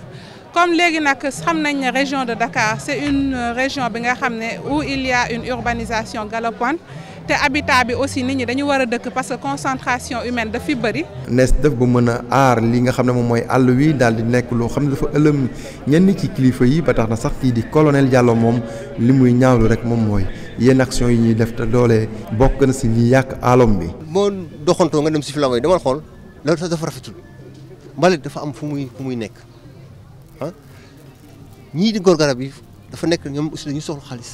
comme léegi nag xam nañ ne région de Dakar c' est une euh, région bi nga xam ne où il une urbanisation galopante te habitat bi aussi nit ñi dañu war a dëkk parce que concentration humaine daf bari nes nees def ba mën a aar li nga xam ne moom mooy àll wi daal di nekk loo xam ne dafa ëlëm ñenn ci kilifa yi ba tax na sax kii di colonel Diallo moom li muy ñaawlu rek moom mooy yenn action yi ñuy def te doole bokk na si ñi yàq alom bi. moo doxantoo nga dem si filam yi dama xool loolu sax dafa rafetul. mbalit dafa am fu muy fu muy nekk ah ñii di góor garab yi dafa nekk ñoom aussi dañu soxla xaalis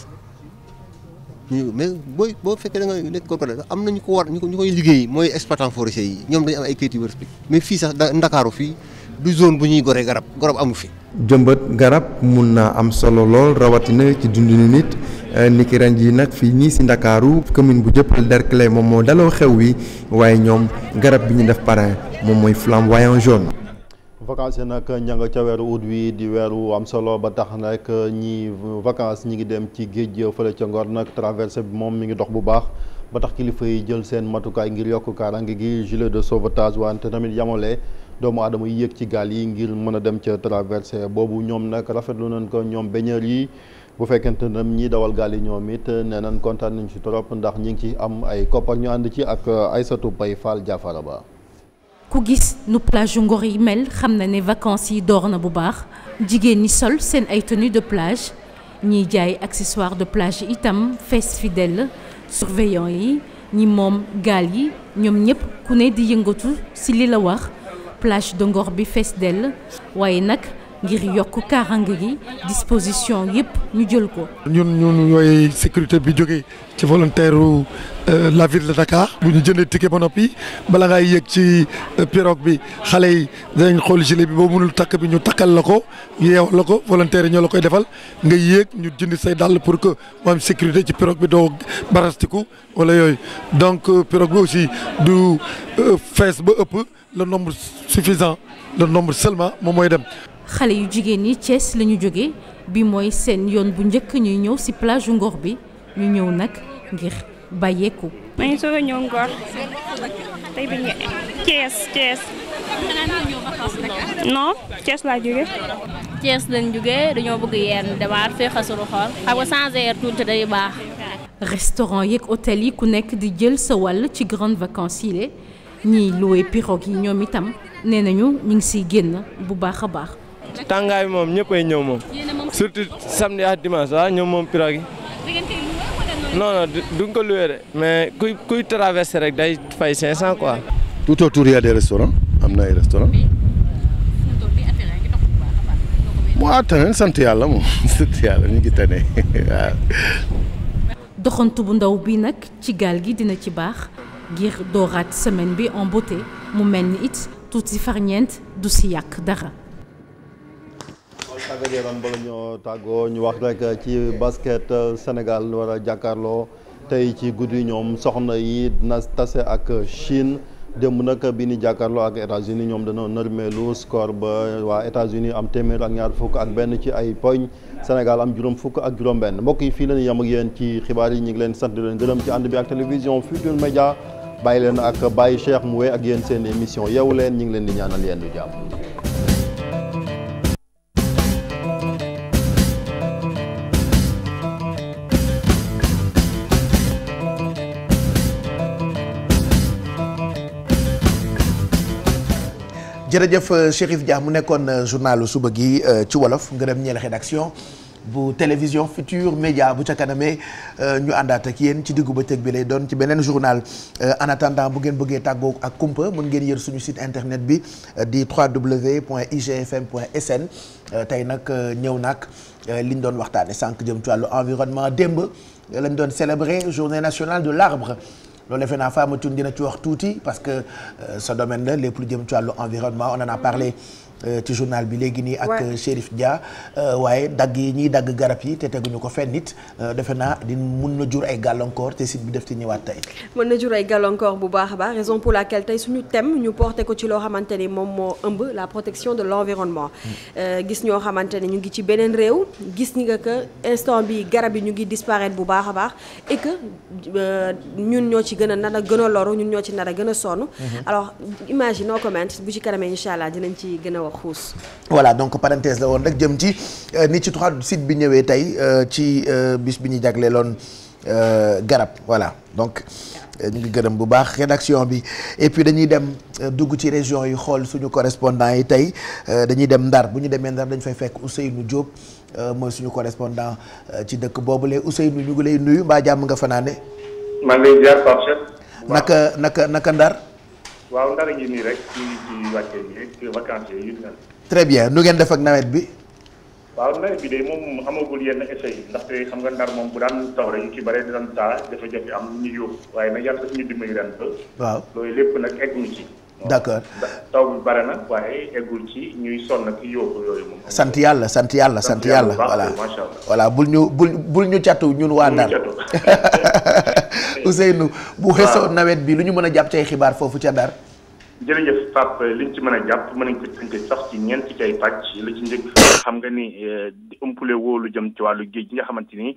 ñu mais booy boo fekkee da nga nekk góor garab am na ñu ko ñu koy liggéey mooy exploitant forestier yi ñoom dañu am ay kayit yu wër mais fii sax Ndakaaru fii. du zone bu ñuy goree garab garab amu fi. jëmbat garab mun naa am solo lool rawatina ci dundinu nit eh, ni ki ren jii nag fii nii si ndakaaru commune bu Dieuppeul Derklé moom moo daloo xew wi waaye ñoom garab bi ñu def parrain moom mooy flamboyant jaune. vacances yi nag ña nga ca weeru ut wi di weeru am solo ba tax nag ñi vacances ñi ngi dem ci géej fële ca Ngor nag traversée bi moom mi ngi dox bu baax. ba tax kilifa yi jël seen matukaay ngir yokk kaaraange gi gilet de sauvetage wante tamit yamale doomu aadama yi yéeg ci gaal yi ngir mën a dem ca traversée boobu ñoom nag rafetlu nañ ko ñoom baigneurs yi bu fekkente ne ñi dawal gaal yi ñoom it nee nañ kontaan nañ ci trop ndax ñi ngi ci am ay koppar ñu ànd ci ak Aïssatou Paye Fall Diafara Ba ku gis nu plage yu Ngor yi mel xam na ne vacances yi door na bu baax jigéen ñi sol seen ay tenue de plage ñiy jaay accessoire de plage itam fees fidèle surveillant yi ñi moom gaal yi ñoom ñëpp ku ne di yëngatu ci li la wax plage de bi fees dell waaye nag ngir yokk kaaraange gi disposition yëpp ñu jël ko. ñun ñun ñooy sécurité bi jógee ci volontaire euh, la ville de Dakar bu ñu jëndee ticket ba noppi bala ngay yéeg ci euh, pirogue bi xale yi dinañ xool gilet bi boo mënul takk bi ñu takkal la ko yeewal la ko volontaire yi ñoo la koy defal nga yéeg ñu jënd say dàll pour que mu sécurité ci pirogue bi doo barastiku wala yooyu donc euh, pirogue bi aussi du fees ba ëpp le nombre suffisant le nombre seulement moom mooy dem. xale yu jigéen ñi Thiès lañu jóge bi mooy seen yoon bu njëkk ñuy ñëw si plage Ngor bi ñu ñëw nag ngir bàyyeeku. maa ngi soog a ñëw Ngor tey bi ñu Thiès Thiès. non laa jógee. Thiès lañ jógee dañoo bëgg yenn demaat féex a suñu xol xam nga changé air baax. restaurant yeeg hôtel yi ku nekk di jël sa wàll ci grandes vacances yi la ñiy loué pirogue yi ñoom itam nee nañu ñu ngi siy génn bu baax a baax. tàngaay bi moom ñëpp ay ñëw moom. surtout samedi ak dimanche waaw ah, ñoom moom Pira gi. non non duñ ko loué de mais kuy kuy traversé rek day fay 500 quoi. tout autour il y a des restaurants am na ay restaurants. waaw tane sant yàlla moom sant yàlla ñu ngi tane doxantu bu ndaw bi nag ci gaal gi dina ci baax ngir dooraat semaine bi en beauté mu mel ni it tuuti farñeent du si yàq dara. tàggat yaram bala ñoo tàggoo ñu wax rek ci basket senegal war a jàkkaarloo tey ci guddi ñoom soxna yi na tase ak Chine démb nag bi ni jàkkaarloo ak États-Unis ñoom dana nërmeelu score ba waa États-Unis am téeméer ak ñaar fukk ak benn ci ay poñ Sénégal am juróom fukk ak juróom benn mbokk yi fii la ñu yem ak yéen ci xibaar yi ñu ngi leen sant di leen gërëm ci ànd bi ak télévision Futurs Médias bàyyi leen ak Baye Cheikh mu wéy ak yéen seen émission yeewu leen ñu ngi leen di ñaanal yéen di jàmm jërëjëf euh, Chérif Dia mu nekkoon euh, journalu suba gi euh, ci wolof ngërëm ñeel rédaction bu télévision Futur Média bu ca kanamee ñu àndaat ak yéen ci diggu ba bëccëg bi lay doon ci beneen journal en attendant bu ngeen bëggee tàggoo ak kumpa mun ngeen yër suñu site internet bi di www.igfm.sn tey nag ñëw nag liñ doon waxtaane sànq jëm ci wàllu environnement démb lañ doon célébrer journée nationale de l'arbre loolu defe naa Fama Thioune dina ci wax tuuti parce que sa euh, domaine la lépp lu jëm ci wàllu environnement on en a Euh, ci journal bi léegi nii ak euh, Chérif Dia euh, waaye dagg yi ñuy dagg garab yi te teguñu ko fenn nit defe naa di mun na jur ay gàllankoor te site bi def ci ñëwaat tey mën na jur ay gàllankoor bu baax a baax raison pour laquelle tey suñu thème ñu porté ko ci loo xamante ni moom moo ëmb la protection de l'environnement hmm. gis ñoo xamante ne ñu ngi ci beneen réew gis ñi nga que instant bi garab yi ñu ngi disparaître bu baax a baax et ñun ñoo ci gën a nar a gën a loru ñun ñoo ci nar a gën a sonn hmm. alors image yi noo comment xuus. voilà donc parenthèse la woon rek jëm ci euh, nit ci trois site bi ñëwee tey euh, ci euh, bis bi ñu jagleeloon garab voilà donc. ñu ngi gërëm bu baax rédaction bi et puis dañuy dem dugg ci région yi xool suñu correspondant yi tey dañuy dem Ndar bu ñu demee Ndar dañu fay fekk Ousseynou jóob mooy suñu correspondant ci dëkk boobu boobule Ousseynou ñu ngi lay nuyu mbaa jàmm nga fanaane naka naka Ndar. waaw ndara ngi nii rek ci ci wàcce yi ci vacances bien nu ngeen def nawet bi. waaw nawet bi de moom amagul yenn essai ndaxte xam nga ndar moom bu daan taw rek ñu ci bare daan taa jafe-jafe am ñu yóbbu waaye nag yàlla daf ñu dimbali ren ba. lépp nag egguñu ci. d'accord taw bi bare na waaye eggul ci ñuy sonn ak yóbbu yooyu moom. sant yàlla sant yàlla sant yàlla. voilà voilà bul ñu bul ñu catu ñun waa ndar. Ousseynou bu xesoo nawet bi lu ñu mën a jàpp cay xibaar foofu ca Ndar jërëjëf Pape liñ ci mën a jàpp mën nañ ko tënk sax ci ñeent ci ay pàcc ci njëkk xam nga ni eh, woo lu jëm ci wàllu géej gi nga xamante ni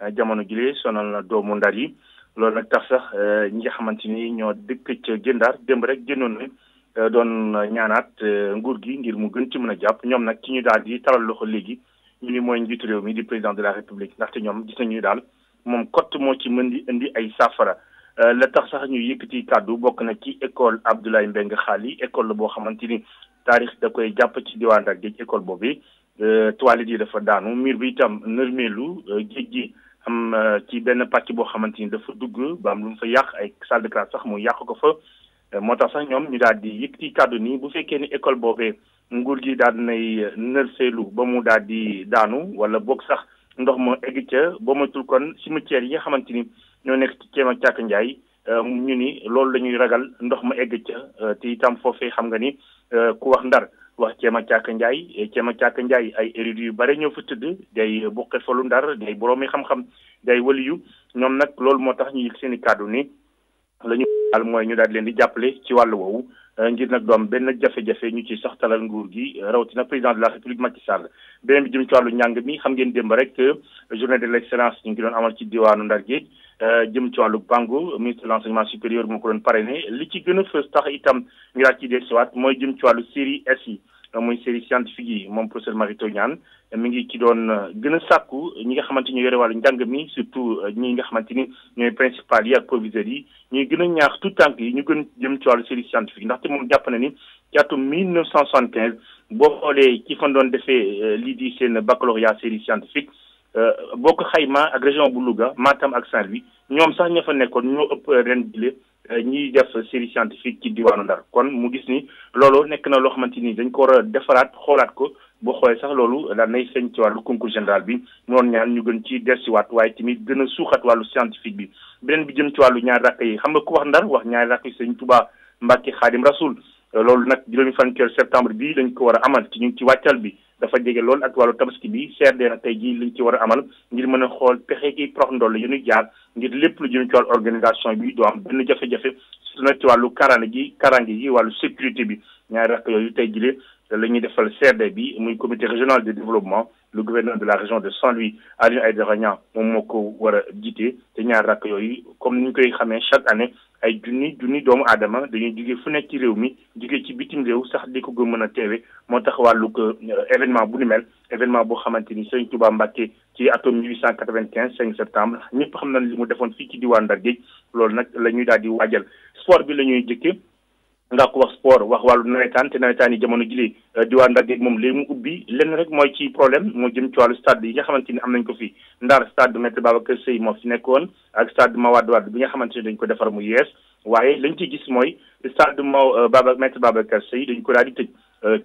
eh, jamono jile sonal na doomu Ndar yi loolu nag tax sax eh, ñi nga xamante ni ñoo dëkk ca dar démb rek génnoon na doon ñaanaat nguur gi ngir mu gën ci mën a jàpp ñoom nag ci ñu daal di taral loxo léegi ñu ni mooy njiitu réew mi di président ndaxte ñoom gis nañu daal moom kott moo ci mën di indi ay safara euh, la tax sax ñu yëkkati kàddu bokk na ci école Abdoulaye Mbengue Xaali école la boo xamante ni taarix da koy jàpp ci diwaan ak géej école boobu euh, toilette yi dafa daanu miir bi itam nërmeelu euh, géej gi am ci benn pàcc boo xamante ni dafa dugg ba am lu mu fa yàq ay salle de sax mu yàq ko fa moo tax sax ñoom ñu daal di yëkkati kàddu nii bu fekkee ni école boobee nguur gi daal di nay nërseelu ba mu daal di daanu wala boog sax. ndox ma egg ca boo moytul kon cimetière yi nga xamante ni ñoo nekk ci Kéem ak Càkk Njaay euh, ñu ni loolu la ñuy ragal ndox ma egg ca euh, te itam foofee xam nga ni euh, ku wax ndar wax Kéem ak Càkk Njaay Kéem ak Càkk Njaay ay érudits yu bare ñëw fa tëdd day buqe falu ndar day boroomi xam-xam day waliyu ñoom nag loolu moo tax ñu yëg seen i kàddu ni la ñu daal mooy ñu daal leen di jàppale ci wàllu woowu Euh, ngir nag doom benn jafe-jafe ñu ci sax talal nguur gi rawatina président de la république Macky Sall beneen jëm ci wàllu njàng mi xam ngeen démb rek euh, journée de l' ñu ngi doon amal ci diwaanu Ndar Géej euh, jëm ci wàllu bango ministre de l' enseignement supérieur moo ko doon parrainé li ci gën fës tax itam ñu daal ci dee siwaat mooy jëm ci wàllu série S yi mooy série scientifique yi moom professeur Mary Teuw mi ngi ci doon euh, gën a sàkku ñi nga xamante ñu yore wàllu njàng mi surtout euh, ñi nga xamante ni ñooy principal yi ak proviseurs yi ñuy gën a ñaax tout tànk yi ñu gën jëm ci wàllu service scientifique ndaxte moom jàpp na ni ci atum 1975 boo xoolee ci fa doon defee euh, lii di seen baccalauréat série scientifique boo ko xayma ak région bu Louga Matam ak Saint-Louis ñoom sax ña fa nekkoon ñoo ëpp ren jile ñuy def série scientifique ci diwaanu Ndar kon mu gis ni nekk na loo xamante ni dañ ko war defaraat xoolaat ko boo xoolee sax loolu daan nay feeñ ci wàllu concours général bi noonu ñaan ñu gën ci delsiwaat waaye tamit gën a suuxat wàllu scientifique bi benn bi jëm ci wàllu ñaari rakk yi xam nga ku wax ndar wax ñaari rakk yi sëñ Tuubaa Mbàkke Xaadim Rasul loolu nag juróomi fan ci septembre bi lañ ko war a amal ci ñu ngi ci wàccal bi dafa jege lool ak wàllu tabaski bi CRD na tey jii lañ ci war a amal ngir mën a xool pexe ki prox ndoll yu ñu jaar ngir lépp lu jëm ci wàllu organisation bi doo am benn jafe-jafe surtout wàllu kaaraange gi kaaraange gi wàllu sécurité bi ñaari rakk yooyu tey jile la ñuy defal CRD bi muy comité régional de développement le gouverneur de la région de Saint-Louis Aliou Aïdara Niang moom moo ko war a jiite te ñaar rakk yooyu comme ni ñu koy xamee chaque année ay junni junni doomu aadama dañuy jugee fu nekk ci réew mi jugee ci bitim réew sax di ko gën mën a teewe moo tax wàllu ko euh, événement bu ni mel événement boo xamante ni Serigne Touba Mbacké ci atum 1895 5 septembre ñëpp xam nañ li mu defoon fii ci diwaan Ndar Géej loolu nag la ñuy daal di waajal sport bi la ñuy jëkke ndax ku wax sport wax wàllu nawetaan te nawetaan yi jamono jile euh, diwaan Ndar moom léegi mu ubbi lenn rek mooy ci problème moo jëm ci wàllu stade yi nga xamante ni am nañ ko fi ndar stade Maître Babacar Sèye moo fi nekkoon ak ma Mawade Wade bi nga xamante ni dañ ko defar mu yees waaye lañ ci gis mooy stade ma euh, Baba Maître Babacar Sèye dañ ko daal di tëj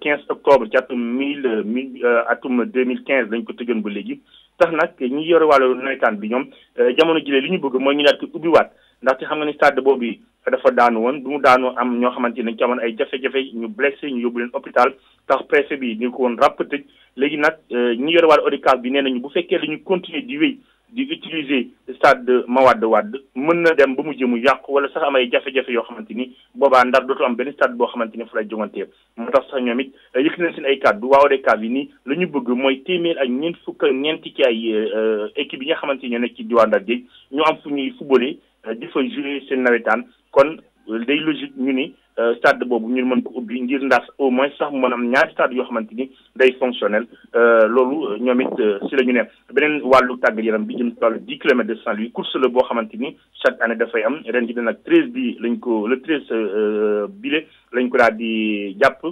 15 euh, octobre ci atum mille mille atum 2015 lañ ko tëjoon ba léegi tax nag ñi yore wàllu nawetaan bi ñoom jamono jile li ñu bëgg mooy ñu daal ko ubbiwaat ndaxte xam nga ni stade boobu dafa daanu woon bu mu daanoo am ñoo xamante ni ci ay jafe-jafe ñu blessé ñu yóbbu leen hôpital tax préfet bi ni ko woon ràpp tëj léegi nag euh, ñi yore wàllu ODCAV bi nee nañu bu fekkee lañu continuer di wéy di utiliser stade Mawade Wade mën na dem ba mu jëm yàqu wala sax am ay jafe-jafe yoo xamante ni boobaa ndar dootu am benn stade boo xamante ni fu lay jongantee moo tax sax ñoom it euh, yëkk nañ seen ay kàddu waa ODCAV yi nii la ñu bëgg mooy téeméer ak ñeent fukk ak ñeenti ci ay euh, équipe yi nga xamante ni ñoo nekk ci di fa jouer seen nawetaan kon day logique ñu ni euh, stade boobu ñu mën ko ubbi ngir ndax au moins sax mu mën am ñaari stade yoo xamante ni day fonctionnel euh, loolu euh, ñoom it si la ñu ne beneen wàllu tàggat yaram bi jëm si wàllu dix de Saint-Louis course la boo xamante ni chaque année dafay am ren ji nag treize bi lañ ko le treize bile lañ ko daal di jàpp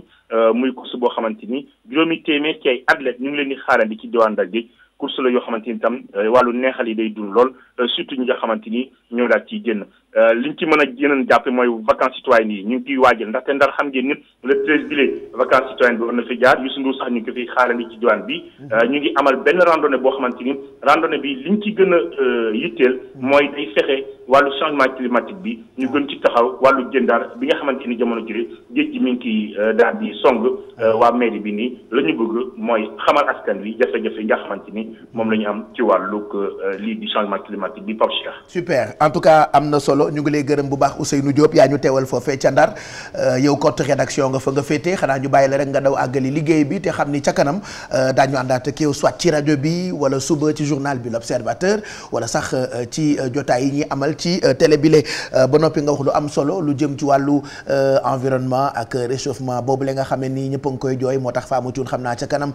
muy course boo xamante ni juróomi téeméer ci ay athlètes ñu ngi leen di xaaral di ci diwaan dal gi course la yoo xamante ni tam wàllu neexal yi day dund lool Euh, surtout ñi nga xamante ni ñoo daal ciy génn euh, ñu ci mën a gënoon jàppe mooy vacances citoyennes yi ñu ngi ciy waajal ndaxte ndar xam ngeen nit le treize juillet vacances citoyennes bi war na fi jaar Youssou Ndour sax ñu ngi ko fiy xaarandi ci diwaan bi mhm. euh, ñu ngi amal benn randonnée boo xamante ni randonnée li ñu ci gën a yitteel mhm. mooy day fexe wàllu changement climatique bi ñu mhm. gën ci taxaw wàllu jëndaar bi nga xamante ni jamono jure géej gi mi ngi ciy daal di song waa mairie bi nii la ñu bëgg mooy xamal askan wi jafe nga xamante ni moom la ñu am ci wàllug lii di changement climatique informatique bi super en tout cas am na solo ñu ngi lay gërëm bu baax Ousseynou Diop yaa ñu teewal foofee ca Ndar euh, yow cote rédaction nga fa nga féetee xanaa ñu bàyyi la rek nga daw àggali liggéey bi te xam ni ca kanam euh, daañu àndaat ak yow soit ci rajo bi wala suba ci journal bi l'Observateur wala sax euh, ci jotaay yi amal ci télé bi ba noppi nga lu am solo lu jëm ci wàllu environnement ak réchauffement boobu la nga xam ne nii ñëpp ngi koy jooy moo tax Fama Thioune xam naa ca kanam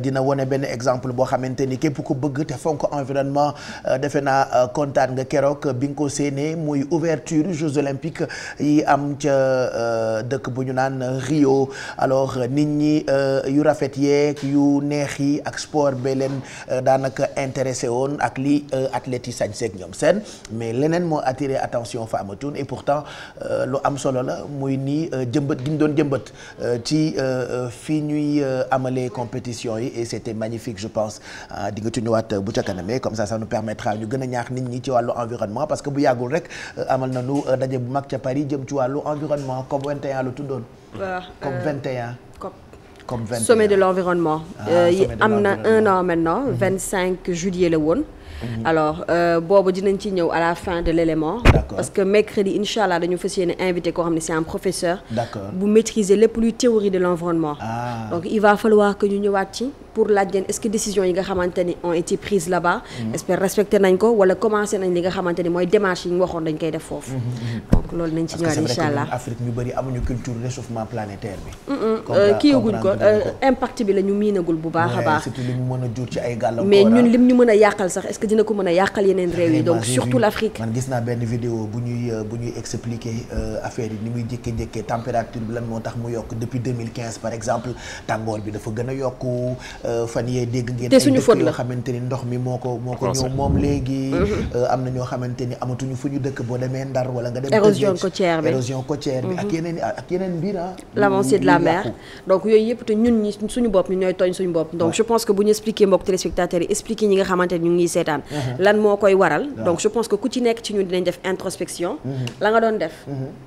dina wone benn exemple boo xamante ni képp ku bëgg te fonk environnement defe naa déjà euh, nga keroog bi nga ko séenee muy ouverture Jeux olympiques yi am ca euh, dëkk bu ñu naan Rio alors nit ñi euh, yu rafet yeek yu neex yi ak sport ba leen daanaka intéressé woon ak li athlètes yi sañ seeg ñoom seen mais leneen moo attiré attention fa Famatun et pourtant lu am solo la muy nii jëmbët gi ñu doon jëmbët ci fii ñuy amalee compétition yi et c'était magnifique je pense ah, di nga ci ñëwaat bu ca kanamee comme ça ça nous permettra ñu gën a ñaax nit ñi ci wàllu environnement parce que bu yàggul rek euh, amal nañu euh, daje bu mag ca Paris jëm ci wàllu environnement COP 21 lu tuddoon. waaw euh, COP 21. de l'environnement. Ah, am na un an maintenant. 25 mhm. juillet la woon. Mhm. alors euh, boobu dinañ ci ñëw à la fin de l' parce que mercredi incha allah dañu fas yéene invité koo xam ne c' est professeur. bu maîtriser lépp luy théorie de l' ah. donc il va falloir que ñu ñëwaat ci pour laaj leen est ce que décision yi nga xamante ni ont été prises là-bas. Mm nañ ko wala commencé nañ li nga xamante mooy démarche yi ñu waxoon dañ koy def foofu. Mhm, mhm, donc loolu nañ ci ñëwaat incha allah bi. Euh, kii yaguñ euh, ko impact bi la ñu bu baax a baax. surtout a dina ko mën a yàqal yeneen réew yi donc surtout l'Afrique man gis naa benn vidéo bu ñuy euh, bu ñuy expliquer euh, affaire yi ni muy jékkee-jékkee température bi lan moo tax mu yokk depuis 2015 par exemple tàngoor bi dafa gën a yokk euh, fan yee dégg ngeen te suñu faute la xamante ni mi moo ko moo ko ñëw moom léegi mm-hmm. am na ñoo xamante ni amatuñu fu dem érosion côtière bi ak mm-hmm. yeneen ak yeneen ah. de la mer donc yooyu yëpp te ñun ñi suñu bopp ñu ñooy tooñ suñu bopp donc je pense que bu ñu expliquer mbokk téléspectateurs yi expliquer ñi nga xamante ñu ngi seetaan am. lan moo koy waral. donc je pense que ku ci nekk ci ñun dinañ def introspection. la nga doon def.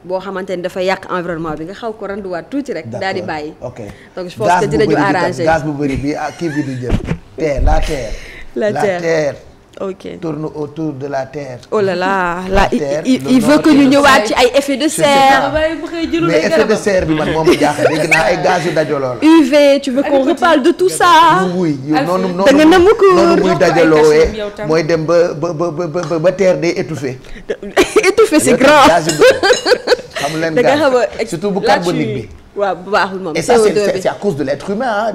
boo xamante ni dafa yàq environnement bi nga xaw ko randuwaat tuuti rek. daal di bàyyi. ok donc je pense que dinañu arrangé gaz bu bëri bi gaz ah, bu bëri kii bi du jël. terre la terre. la terre. ok tourne autour de la terre. oh la là la terre, il, il veut que ñu ñëwaat ci ay effet de serre. mais effet de serre bi man moom mu jaaxle dégg naa ay gaz yu dajaloo la. UV tu veux qu'on reparle de tout ça. wuy noonu noonu da nga namm ko noonu muy mooy dem ba ba ba ba terre day étouffé. c'est grand. xam leen gaz surtout bu carbonique bi. waaw bu baaxul moom. CO2 bi c'est à cause de l'être humain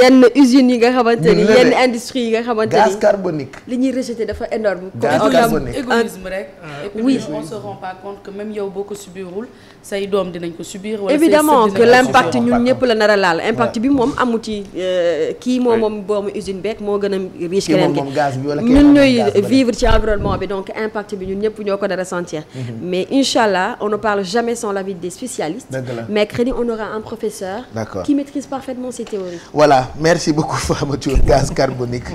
yenn usines yi nga xamante ni yenn industries yi nga xamante ni. gaz carbonique. li ñuy rejeter dafa énorme. gaz carbonique égoïsme rek. Ah, on se rend que yow boo ko subirul say doom dinañ ko subir. wala évidemment que l'impact ñun ñëpp la nara laal impact bi moom amu ci euh, kii moom moom boomu usine beeg moo gën a riche. keneen ki ñun ñooy vivre ci environnement bi donc impact bi ñun ñëpp ñoo ko dara a mhm. mais inch'Allah on parle jamais sans l'avis des spécialistes. mercredi on aura un professeur. qui maîtrise parfaitement ses théories. voilà merci beaucoup Famatou gaz carbonique.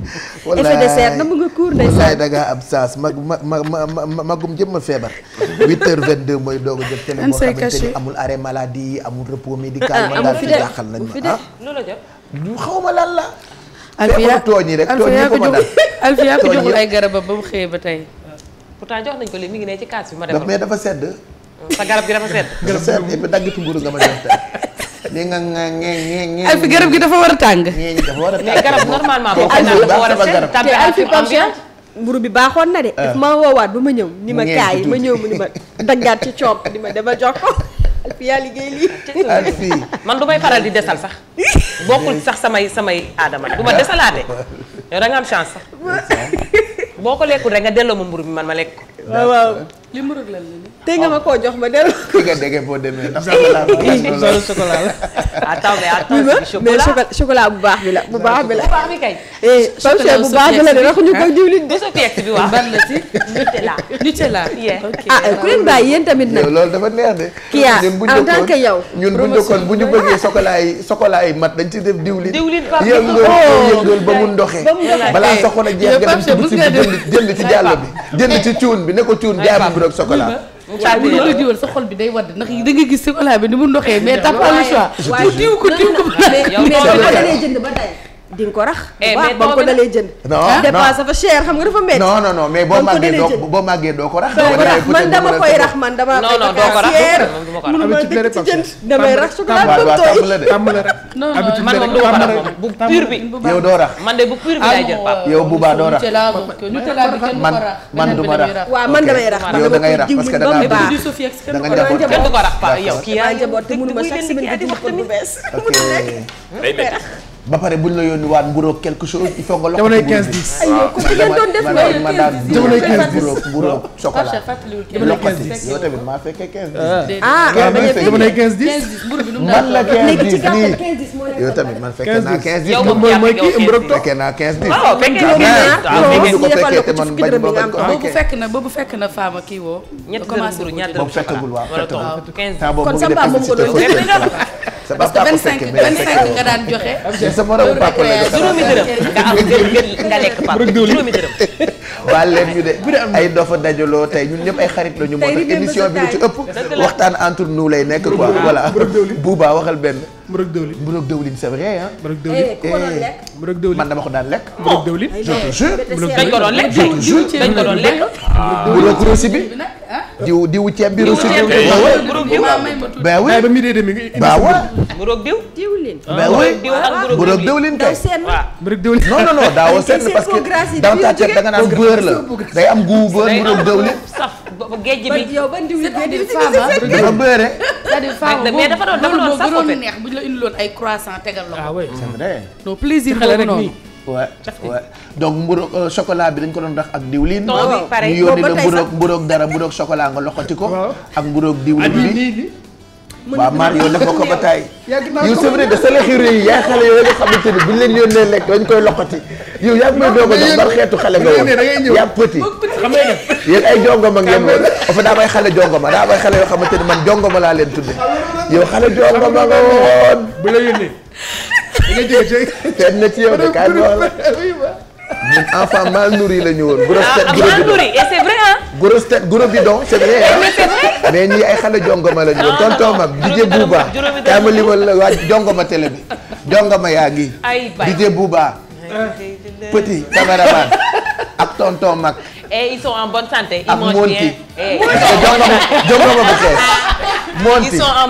effet de serre na mu da ngaa am sens mag ma ma ma feebar. 8h22 mooy doog a jot. télé boo xamante ni amul arrêt maladie amul repos ah, médical. amul fi de amul fi de ah. loola jot. xaw ma lan la. alfiya tooñi rek tooñi ko ma dal alfiya ko joxul ay garab ba ba mu xëyee ba tey. pourtant jox nañ ko li mi ngi ne ci kaas bi ma demal mais dafa sedd. sa garab gi dafa sedd. garab gi dafa sedd et puis dagg tunguru nga ma jox tey. fi garab gi dafa war a tàng. ngeen a tàng mais garab normalement boo koy naan dafa war a sedd. te alfi Pape mburu bi baaxoon na de. Ah. daf maa woowaat ba ma ñëw. ni ma kaay ma ñëw mu ni ma daggaat ci ma dama jox yaa liggéey lii. man du may faral di desal sax. bokkul sax samay samay aadama du ma desalaate. yow da nga am chance sax. boo ko lekkul rek nga delloo ma mburu bi man ma lekk ko. waaw. li la te nga ma koo jox ma dellu. ki nga déggee boo demee ndax chocolat bu baax chocolat la. attends mais attends chocolat mais bu baax bi la bu baax bi la. bu baax bi kay. Eh, chocolat bu baax bi la de waxuñu ko diwlin de. soppeeku bi waaw ban la ci Nutella. Nutella ok ah ku leen bàyyi tamit nag. loolu dafa neex de. kii yaa en tant que yow. ñun bu ñu dëkkoon bu ñu bëggee chocolat yi chocolat yi mat dañ ci def diwlin. diwlin pap yow nga yëngal ba mu ndoxee. balaa sa xol a jeex nga dem ci jënd ci jàll bi jënd ci cuun bi ne ko cuun jaay beurre ak chocolat. waaw bu la jiwal xol bi day wadd ndax da nga gis chocolat bi ni mu ndoxee mais t'as pas le choix. diw di nga ko rax. Eh, mais boo ko dalee jënd. non non dépense fa cher xam nga dafa métti. non non non mais boo màggee doo boo màggee doo ko rax. doo ko rax man dama koy rax man dama. non non doo ko rax mënuma dëkk ci jënd. damay rax su ko daan doon tooy tàmbale rek. non non man moom du ko rax bu pur bi. yow doo rax man de bu pur bi laay jël pap. yow bu baax doo rax man man du ma rax. waaw man damay rax. yow da ngay rax parce que da ngaa bëgg da nga njaboot kenn du ko rax pap yow. kii yaa njaboot te mënuma chaque semaine di jënd ko bu bees. ba pare buñ la yónni waat mburoog quelque chose il faut nga. loxo ci 15 10 waaw man ma daan jamonoy 15 10 mburoog mburoog chocolat. yow tamit maa fekkee 15 10. ah, ah jamonoy 15 10. man la 15 10 nii yow tamit man fekkee naa 15 10. yow mooy kii mburoog toog fekkee naa 15 10. waaw fekkee naa ah, bu fekk na boobu fekk na faama kii woo. ñett dërëm bu ñaar dërëm bu commencé waaw waaw waaw 15 10. kon parce que 25 25 nga daan joxe. sa moromu papa la joxe nga am gën nga lekk papa juróomi dërëm. ñu de ay dofa dajaloo tey ñun ñëpp ay xarit la ñu moo tax émission bi lu ci ëpp waxtaan entre nous lay nekk quoi voilà Bouba waxal benn. mburok dëwlin mburok dëwlin c'est vrai ah. mburok dëwlin mburok eh, eh, dëwlin man dama ko daan lekk. mburok oh, dëwlin je te jure. dañ ko doon lekk dañ ko doon lekk. Ah. mburok rosi bi. Ah. diw diw ceeb bi rosi bi. mburok ah diw ba oui ba mi dee dem mi ngi. ba oui mburok diw. diwlin ba oui mburok dëwlin kay. mburok dëwlin non non non daawoo seen parce que daaw taa ceeb da nga naan beurre la day am goût beurre mburok dëwlin géej bi yow ban diw yi géej bi faama bëre faama dafa doon dafa doon neex bu ñu la indiloon ay croissant tegal la ko ah oui c'est vrai non plaisir boobu donc mburu euh, chocolat bi dañ ko doon rax ak diwlin. ñu yónnee la mburoog mburoog dara mburoog chocolat nga loxoti ko. ak mburoog diwlin bi waaw Mar yow dafa ko ba taay yow c'est vrai de yi yaay xale yooyu nga xamante ni buñ leen yónnee lekk dañ koy loqati yow yaa ngi may doog a jox bar xeetu xale nga woon yaa ay jongoma ngeen woon dafa daa may xale jongoma daa may xale yoo xamante man jongoma laa leen tudde yow xale jongoma nga woon la yónnee da nga na ci yow de kaay wax la ñun enfant mal nourri la ñu woon. grosse tête gros ah, bidon ah et mais ñii ay xale jongoma la ñu woon ah, tonton mag DJ Bouba. yaa ma limal la waa jongoma télé bi yaa ngi. ay bay DJ Bouba. petit ak tonton mag. et eh, ils sont en bonne santé. ils ah, mangent bien et eh. eh, ils sont en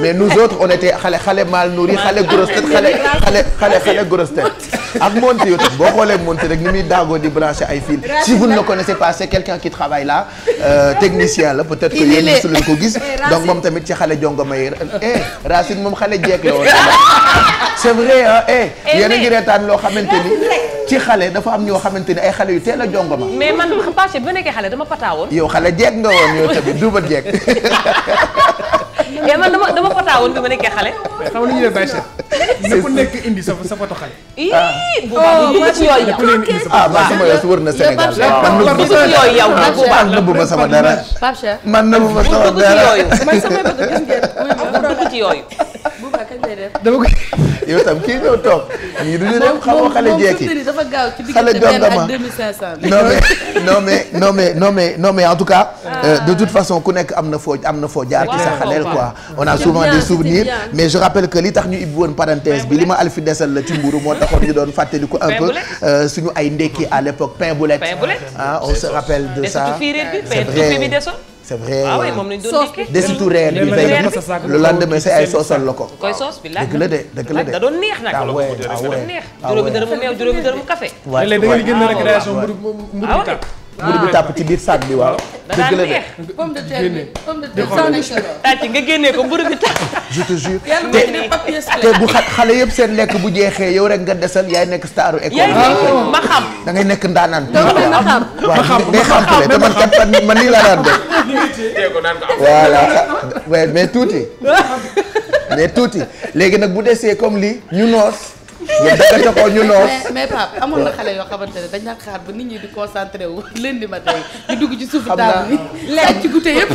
mais nous autres on était xale xale mal nourri xale grosse tête xale xale xale xale grosse tête ak boo xoolee Monty rek ni muy daagoo di branché ay fil si vous ne le connaissez pas c'est quelqu'un qui travaille là euh, technicien la peut-être que yéen mosu leen ko gis donc moom tamit ci xale jongoma yi eh Racine moom xale jeeg la woon c'est vrai ah eh yéen a ngi reetaan loo xamante ni ci xale dafa am ñoo xamante ni ay xale yu teel a jongoma. mais man Pache bi ma nekkee xale dama pataawoon. yow xale jeeg nga woon yow tamit duuba jeeg. mais man dama dama pataawoon bi ma nekkee xale. xam nga li ñuy def bàyyi seet. ku nekk indi sa sa foto xale. ii ah. bu baax bu oh, ah, yow. ah ba sama yow wër na Sénégal. man nëbbu ma ci yooyu yow nag bu ma sama dara. Pape Cheikh man nëbbu ma sama dara. man sama bëgg gis ngeen man bëgg ci dama ko yow tam kii ñëw toog. ñii du ñu dem no xale jeeki mais non mais non mais en tout cas. Ah. Euh, de toute façon ku nekk am na foo am na foo jaar. ci sa xaleel quoi on a souvent des souvenirs. mais je rappelle que li tax ñu ibbi woon parenthèse bi li ma alfi desal la ci mburu moo taxoon ñu doon fàttaliku un peu. Euh, suñu ay ndekki à l'époque pain boulette. Ah, on se rappelle de ça c'est c' est vrai ah oui moom la reer bi tey le lendemain say ay soosal la ko. koy soos bi laaj dëgg la de dëgg de da doon neex nag. ah ouais ah, ah, ah ouais juróomi dërëmu meew juróomi dërëmu café. waaw waaw waaw léeg-léeg da ngeen di génn récréation ah mburu Ah. mburu bi tàpp ci biir sac bi waaw. dëgg la de bi pomme de nga génnee ko mburu bi tàpp. je xale yëpp seen lekk bu jeexee yow rek nga desal yaay nekk staru école. Ah. ma xam da nekk ndaanaan. ma ma xam nii laa daan def. voilà mais tuuti mais tuuti léegi nag bu desee comme lii ñu noos. nga dëkk ko ñu noos. mais mais amoon na xale yoo xamante ne dañ daan xaar ba nit ñi di concentré wu lundi matin ñu dugg ci suufu taal bi. sàcc goûté yëpp.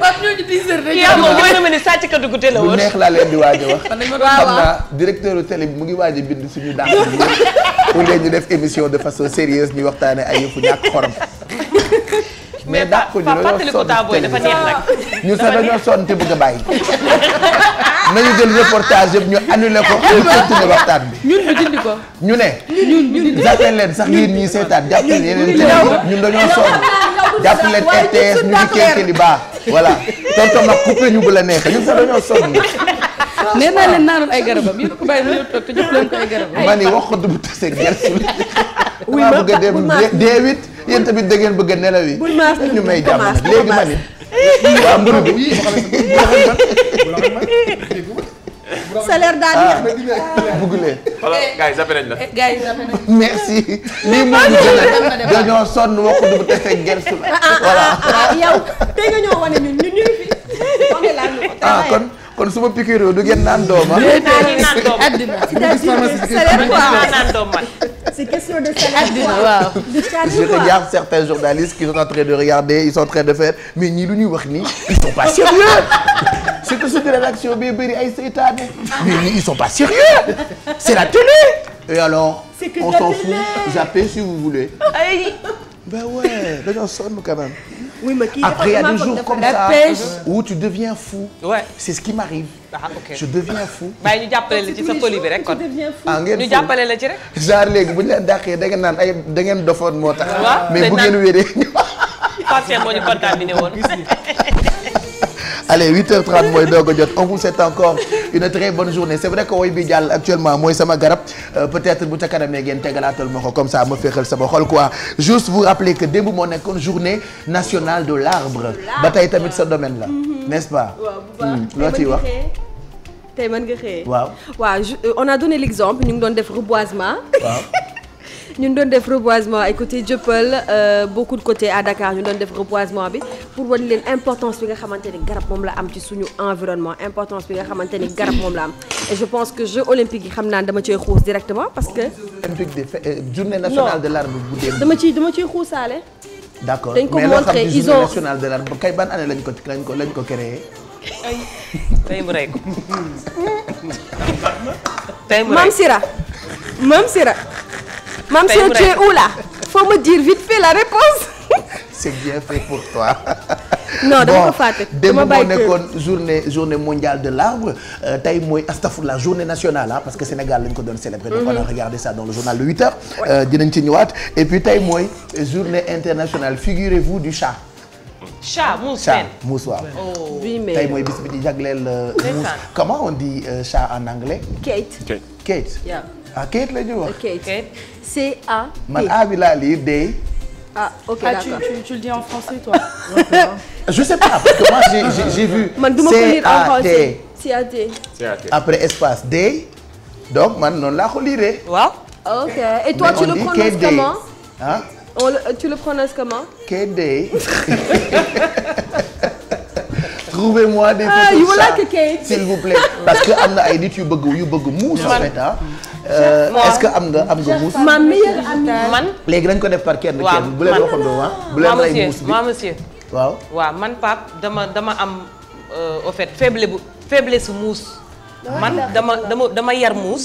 Pape ñooñu 10 heures rek. a mel ni sàcc katu goûté la woon. bu neex laa leen di waaj a wax. xam na directeur télé bi mu ngi waaj a bind suñu dàq bi pour leen ñu def émission de façon sérieuse ñu waxtaanee ay yëfu ñàkk xorom. mais dàq ko ñu dañoo sonn ñu sax dañoo sonn te bëgg bàyyi. nañu jël reportage yëpp ñu annulé ko ñu bi. ñun ñu dindi ko. ñu ne. ñun ñu dindi jàppale leen sax yéen ñii seetaan jàppale leen RTS ñu ngi kéekeli baax voilà tonton nag coupé ñu bu la neexee ñun sax dañoo sonn. nee naa leen naanoon ay garabam yéen ko bàyyi ñëw toog te jox leen ko ay garabam. ma ni wax ko du tase gerte gi. bëgg a dem deewit yéen tamit da bëgg a nelawi. ñu may jàmm léegi ma ni waaw mbërëb bu yii wax salaire daal yéex. bugulee. xoolal gars yi zappé nañ la. Eh, gars yi zappé nañ la. merci. lii moo ñu gën a dañoo sonn wax dëgg te fekk gersu la. voilà yow. tey nga ñoo wane ñun ñu ngi ah, kon. kon su ma piqûre du ngeen naan dooma c'est question de salaire waaw je regarde certains journalistes qui sont en train de regarder ils sont en train de faire mais ñii lu ñuy wax nii ils sont pas sérieux c'est que suñu rédaction bi bëri ay seytaane mais ñii sont pas sérieux c'est la télé et alors on s'en fout jappez si vous voulez ay ben ouais dañoo sonn quand même oui mais kii après il y a des jours comme ça où tu deviens fou. Ouais. c'est ce qui m'arrive ah, je deviens fou. bàyyi ñu jàppale la ci sa folie bi rek kon. ah ngeen ñu jàppale la ci rek. genre léegi bu ñu leen dàqee da ngeen naan ay da ngeen dofoon moo tax. mais bu ngeen wéree. Fatou Seye moo allez 8h30 mooy doog a jot on vous souhaite encore une très bonne journée c'est vrai que woy bi jàll actuellement mooy sama garab euh, peut-être bu ca kanamee ngeen tegalaatal ma ko comme ça ma féexal sama xol quoi juste vous rappeler que démb moo nekkoon journée nationale de l'arbre ba tey tamit sa domaine la mm-hmm. n'est-ce pas mm, loo a wax tey euh, on a donné l'exemple ñu ngi doon de reboisement waaw ñun doon def reboisement ay côté Dieuppeul beaucoup de côté à Dakar ñu doon def reboisement bi pour wan leen importance bi nga xamante ni garab moom la am ci suñu environnement importance bi nga xamante ni garab moom la am et je pense que Jeux olympiques yi xam naa dama cay xuus directement parce que. Euh, journée nationale de l'arbre bu dee. dama ciy dama ciy xuusaale. d'accord dañ ko montré ils ont mais journée nationale de l'arbre kay ban année lañ ko lañ ko lañ ko créé. ay tey mu rey ko. tey mu rey ko maam Sira maam Sira. Mam Sœur, tu es où là faut me dire vite fait la réponse. c'est bien fait pour toi. non dama ko fàtte dama journée journée mondiale de l'arbre euh, tey mooy la journée nationale ah parce que Sénégal lañ ko doon célébrer. donc on a mhm. regardé ça dans le journal le 8 heures. Euh, dinañ ci ñëwaat et puis tey mooy journée international figurez-vous du chat. chat mousse chat mousse waaw. Oh. oui mais di jagleel euh, en anglais. Kate. Kate. ah kayit la ñuy wax. kayit man A bi laa lire ah ok ah, le dis en français toi. je j'ai vu. man du ma ko lire en A T. après espace D. donc man noonu la ko lire. waaw. ok et toi le prononces comment ah. on le tu le prononces comment. Kédé. trouvez-moi ah, de ça s'il vous plaît. parce que am na ay nit yu bëgg yu bëgg muus en fait Euh, est-ce que am nga am nga muus. ma man. léegi dañ ko def par kenn kenn bu leen waxandoo ah. bu leen rey muus bi waaw monsieur waaw. waaw man Pape dama dama am euh, au fait faible bu faiblesse muus. man dama dama dama yar muus.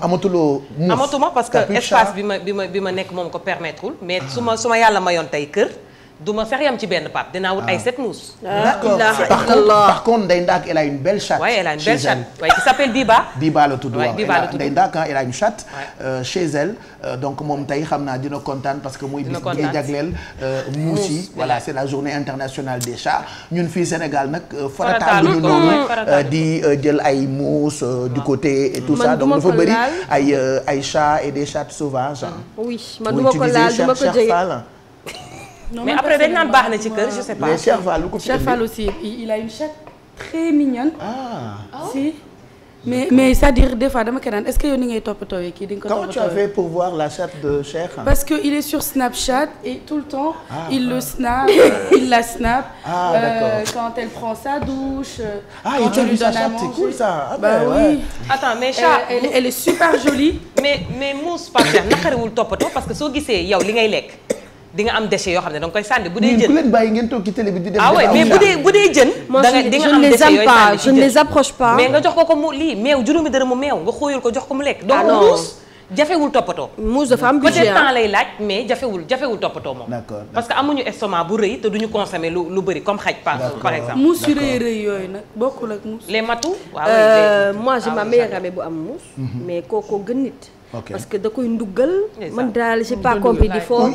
amatuloo. amatuma parce que espace ah. bi ma bi ma bi ma nekk moom ko permettre wul mais su ma su ma yàlla mayoon tey kër. du ma sax yam ci benn pape dinaa wut ay ah. sept mousses. Ah, par contre Ndeye Ndack elle a une belle chatte. waaye elle a une belle chatte waaye qui s'appelle Diba. Diba la tudd ah, a une chatte. Euh, chez elle euh, donc moom tey xam naa dina kontaan parce que mooy bis bi ngay jagleel euh, mousse voilà c'est la journée internationale des chats ñun fii Sénégal nag farataalu ñu noonu di jël ay mousse du côté et tout ça donc dafa bëri ay ay cha et des chats sauvages. oui man duma ko laal duma ko mais après dañ naan baax na ci kër je sais pas. mais Cheikh Fall aussi il a une chatte très mignonne. Ah. Ah si. mais mais c'est-à-dire des fois dama koy naan est-ce que yow ni ngay toppatoowee kii di nga ko toppatoowee. comment parce que il est sur Snapchat et tout le temps. Ah, il le snap il la snap. ah euh, quand elle prend sa douche. Euh, ah il t'a vu sa chatte c'est cool ça. ah mais chat elle, elle, elle est super jolie. mais mais Mousse Pape Cheikh naqariwul toppatoo parce que soo gisee yow li ngay lekk. di nga am déchets yoo xam ne danga koy sànni bu dee jën ku leen bàyyi ah am déchets yooyu sànni je ne mais nga jox ko ko mu lii meew juróomi dërëm mu meew nga xóoyul ko jox ko mu lekk donc ah muus jafewul toppatoo muus dafa am budget peut-être laaj mais jafewul jafewul toppatoo moom parce que amuñu estomac bu rëy te duñu consommer lu lu comme xaj par par exemple muus yu rëy rëy yooyu nag bokkul ak muus les matou waaw ah euh, moi j'ai ma meilleure amie bu am muus mhm. mais kookoo gën nit parce que da koy nduggal. man daal j'ai pas compris di foofu.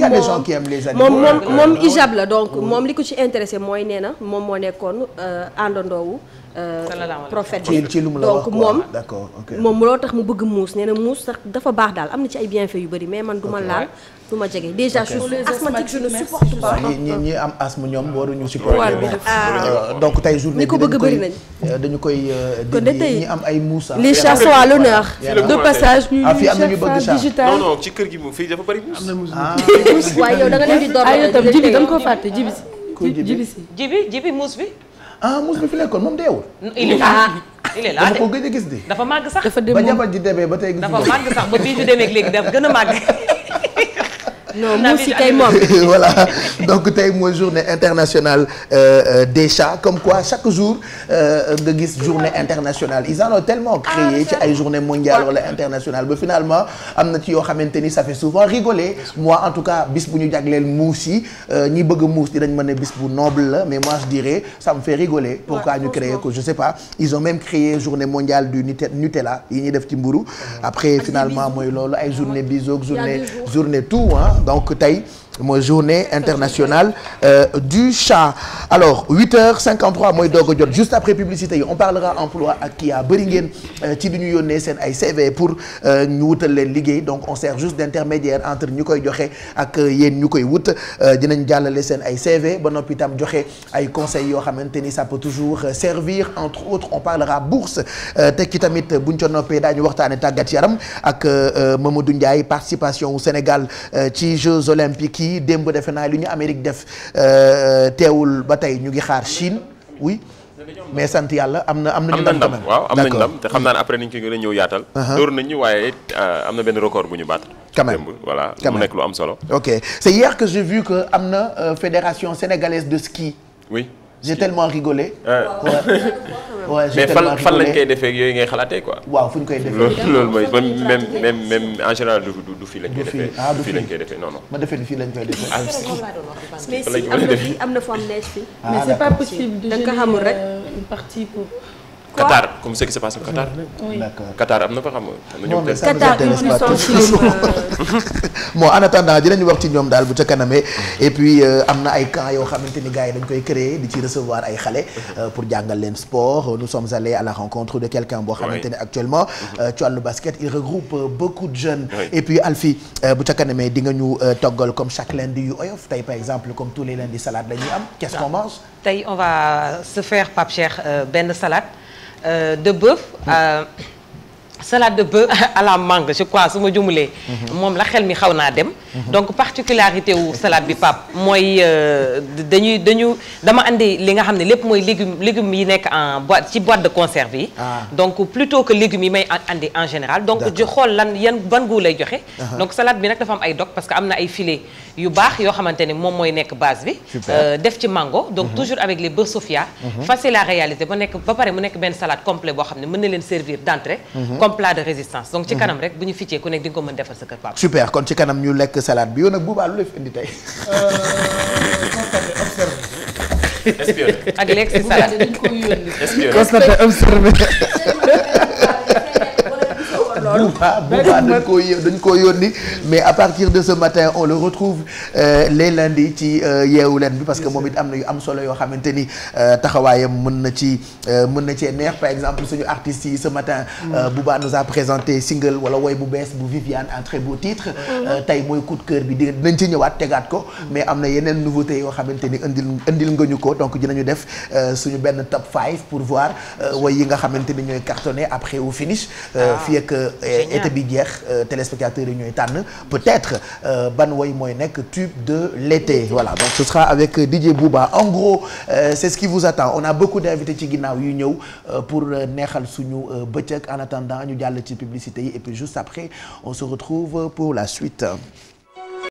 moom moom euh, moom ijab la donc moom li ko ci intéressé mooy nee na moom moo nekkoon euh, àndandoowu Euh, prophète bi ci lu mu la wax donc moom moom loo tax mu bëgg muus nee muus sax dafa baax daal am na ci ay bienfaits yu bëri mais man du ma laal du ma jege déjà je suis asthmatique je ne supporte pas ñi ñi am asthme ñoom waruñu euh, ah. tey journée ñi ko bëgg bëri nañ euh, dañu koy dindi ñi am ay muus les chats sont à l'honneur ah, fii am na ñu bëgg chat ci kër gi moom fii dafa bëri muus ah, waaye yow da nga leen di door ay tam jibi da nga fàtte jibi si jibi muus bi ah muus bi fi nekkoon moom deewul. il est là ah. il est là dafa ko gëj a gis di. dafa màgg sax dafa dem ba jabar ji demee ba tey gis. dafa màgg sax ba bii ju demee léegi daf gën a màgg. non Moussi tey moom voilà donc tey mooy journée international euh, euh, des comme quoi chaque jour euh, euh, nga gis journée international ils en ont tellement ah, ci ay journée mondiale wala internationale ba finalement am na ci yoo xamante ni sa fait souvent rigoler moi en tout cas bis bu ñu jagleel muus yi ñi bëgg a muus dinañ mën bis bu noble la mais moi je dirais ça me fait rigoler pourquoi ñu créer ko je sais pas ils ont même créé journée mondiale du Nutella yi ñuy def ci mburu après finalement mooy loolu ay ah, journée bisoog journée journée tout ah donc tey mooy journée internationale euh, du chat alors 8h53 mooy doog a jot juste après publicité yi on parlera emploi ak kii a bëri ngeen euh, ci li ñu yónnee seen ay CV pour euh, ñu wutal leen liggéey donc on sert juste d' intermédiaire entre ñu koy joxe ak euh, yéen ñu koy wut dinañ jàllale seen ay CV ba noppi tam joxe ay conseils yoo xamante ni ça peut toujours servir entre autres on parlera bourse teg ci tamit buñ ca noppee daañu waxtaane tàggat yaram ak Mamadou Ndiaye participation Sénégal ci kii démb defe naa li ñu Amérique def euh, euh, teewul ba tey ñu ngi xaar Chine oui mais sant yàlla am na am na ndam ndam waaw am na ndam te xam naa après ni ñu ko gën a ñëw yaatal uh-huh. door nañ ñu waaye euh, am na benn record bu ñu baat quand même voilà mu nekk lu am solo ok c'est hier que j'ai vu que am na fédération sénégalaise de ski oui j'ai tellement rigolé. waaw mais fan fan lañ koy defee yooyu ngay xalaatee ko waaw fu ñu koy defee loolu mooy même même même en général du du fii lañ koy defee. ah du fii lañ koy defee non non. ma defee ni fii lañ koy ah, defee. ah si mais si am na fii am na foo am neige fii. Ah, mais c'est pas possible de gérer euh, une Qatar comme ce qui se passe au Qatar. Oui. d'accord Qatar am na fa xam nga. moom la Qatar bon en attendant dinañu wax ci ñoom daal bu ca kanamee mm-hmm. et puis euh, am na ay camps yoo xamante ni gars yi dañ koy créer di ci recevoir ay xale. Mm-hmm. Euh, pour jàngal leen sport nous sommes allés à la rencontre de quelqu'un boo xamante ne actuellement. Mm-hmm. Euh, ci wàllu basket il regroupe beaucoup de jeunes. et puis Alfie bu ca kanamee di nga ñu toggal comme chaque lundi yu oyof tey par exemple comme tous les lundis salade la ñuy am. qu'est-ce ah. qu'on mange tey on va se faire Pape Cheikh benn salade. Euh, de bœuf euh, salade de bœuf à la mangue je crois su ma jumulee mhm. moom la xel mi xaw naa dem mhm. donc particularité wu salaat bi pap mooy euh, dañuy dañu dama andi li nga xam ne lépp mooy légumes légumes yi nekk en boîte ci boîte de conserve yi ah. donc plutôt que légumes yi may indi en général donc xool lan yan ban goût lay joxe uh-huh. donc salade bi nag dafa am ay dog parce que am na ay filets yu baax yoo xamante ne moom mooy nekk base bi. Euh, def ci mango donc mhm. toujours avec les beurre sofia. Mhm. facile à ba nekk ba pare mu nekk benn salade complet boo xam ne mën na leen servir d'entrée. Mhm. comme plat de résistance donc ci kanam rek bu ñu ficcee ku nekk di ko mën defal sa kër papa. super kon ci kanam ñu lekk salade bi yow nag boobaa lu la fi indi tey. Euh, constaté observé. ak lekk si salade. constaté observé. loolu ah, Bouba ah, dañ koo y dañ koo yónni mais à partir de ce matin on le retrouve euh, les lundis ci euh, yeewu leen bi parce que moom it am na yu am solo yoo xamante ni euh, taxawaayam mën na ci mën na cee neex par exemple suñu artistes yi ce matin mm. Bouba nous a présenté single wala woy bu bees bu Viviane un très beau titre mm. tey mooy coup de bi di dinañ ci ñëwaat tegaat ko mm. mais am na yeneen nouveauté yoo xamante ni indil indil nga ñu ko donc dinañu def suñu benn top 5 pour voir woy yi nga xamante ni ñooy cartonné après au ah. fii Eh, été bi jeex euh, téléspectateurs yi ñooy tànn peut-être euh, ban woy mooy nekk tube de l'été voilà donc ce sera avec euh, DJ Bouba en gros c'est ce qui vous attend on a beaucoup d'invités ci ginnaaw yu ñëw pour neexal suñu bëccëg en attendant ñu jàll ci publicité yi et puis juste après on se retrouve pour la suite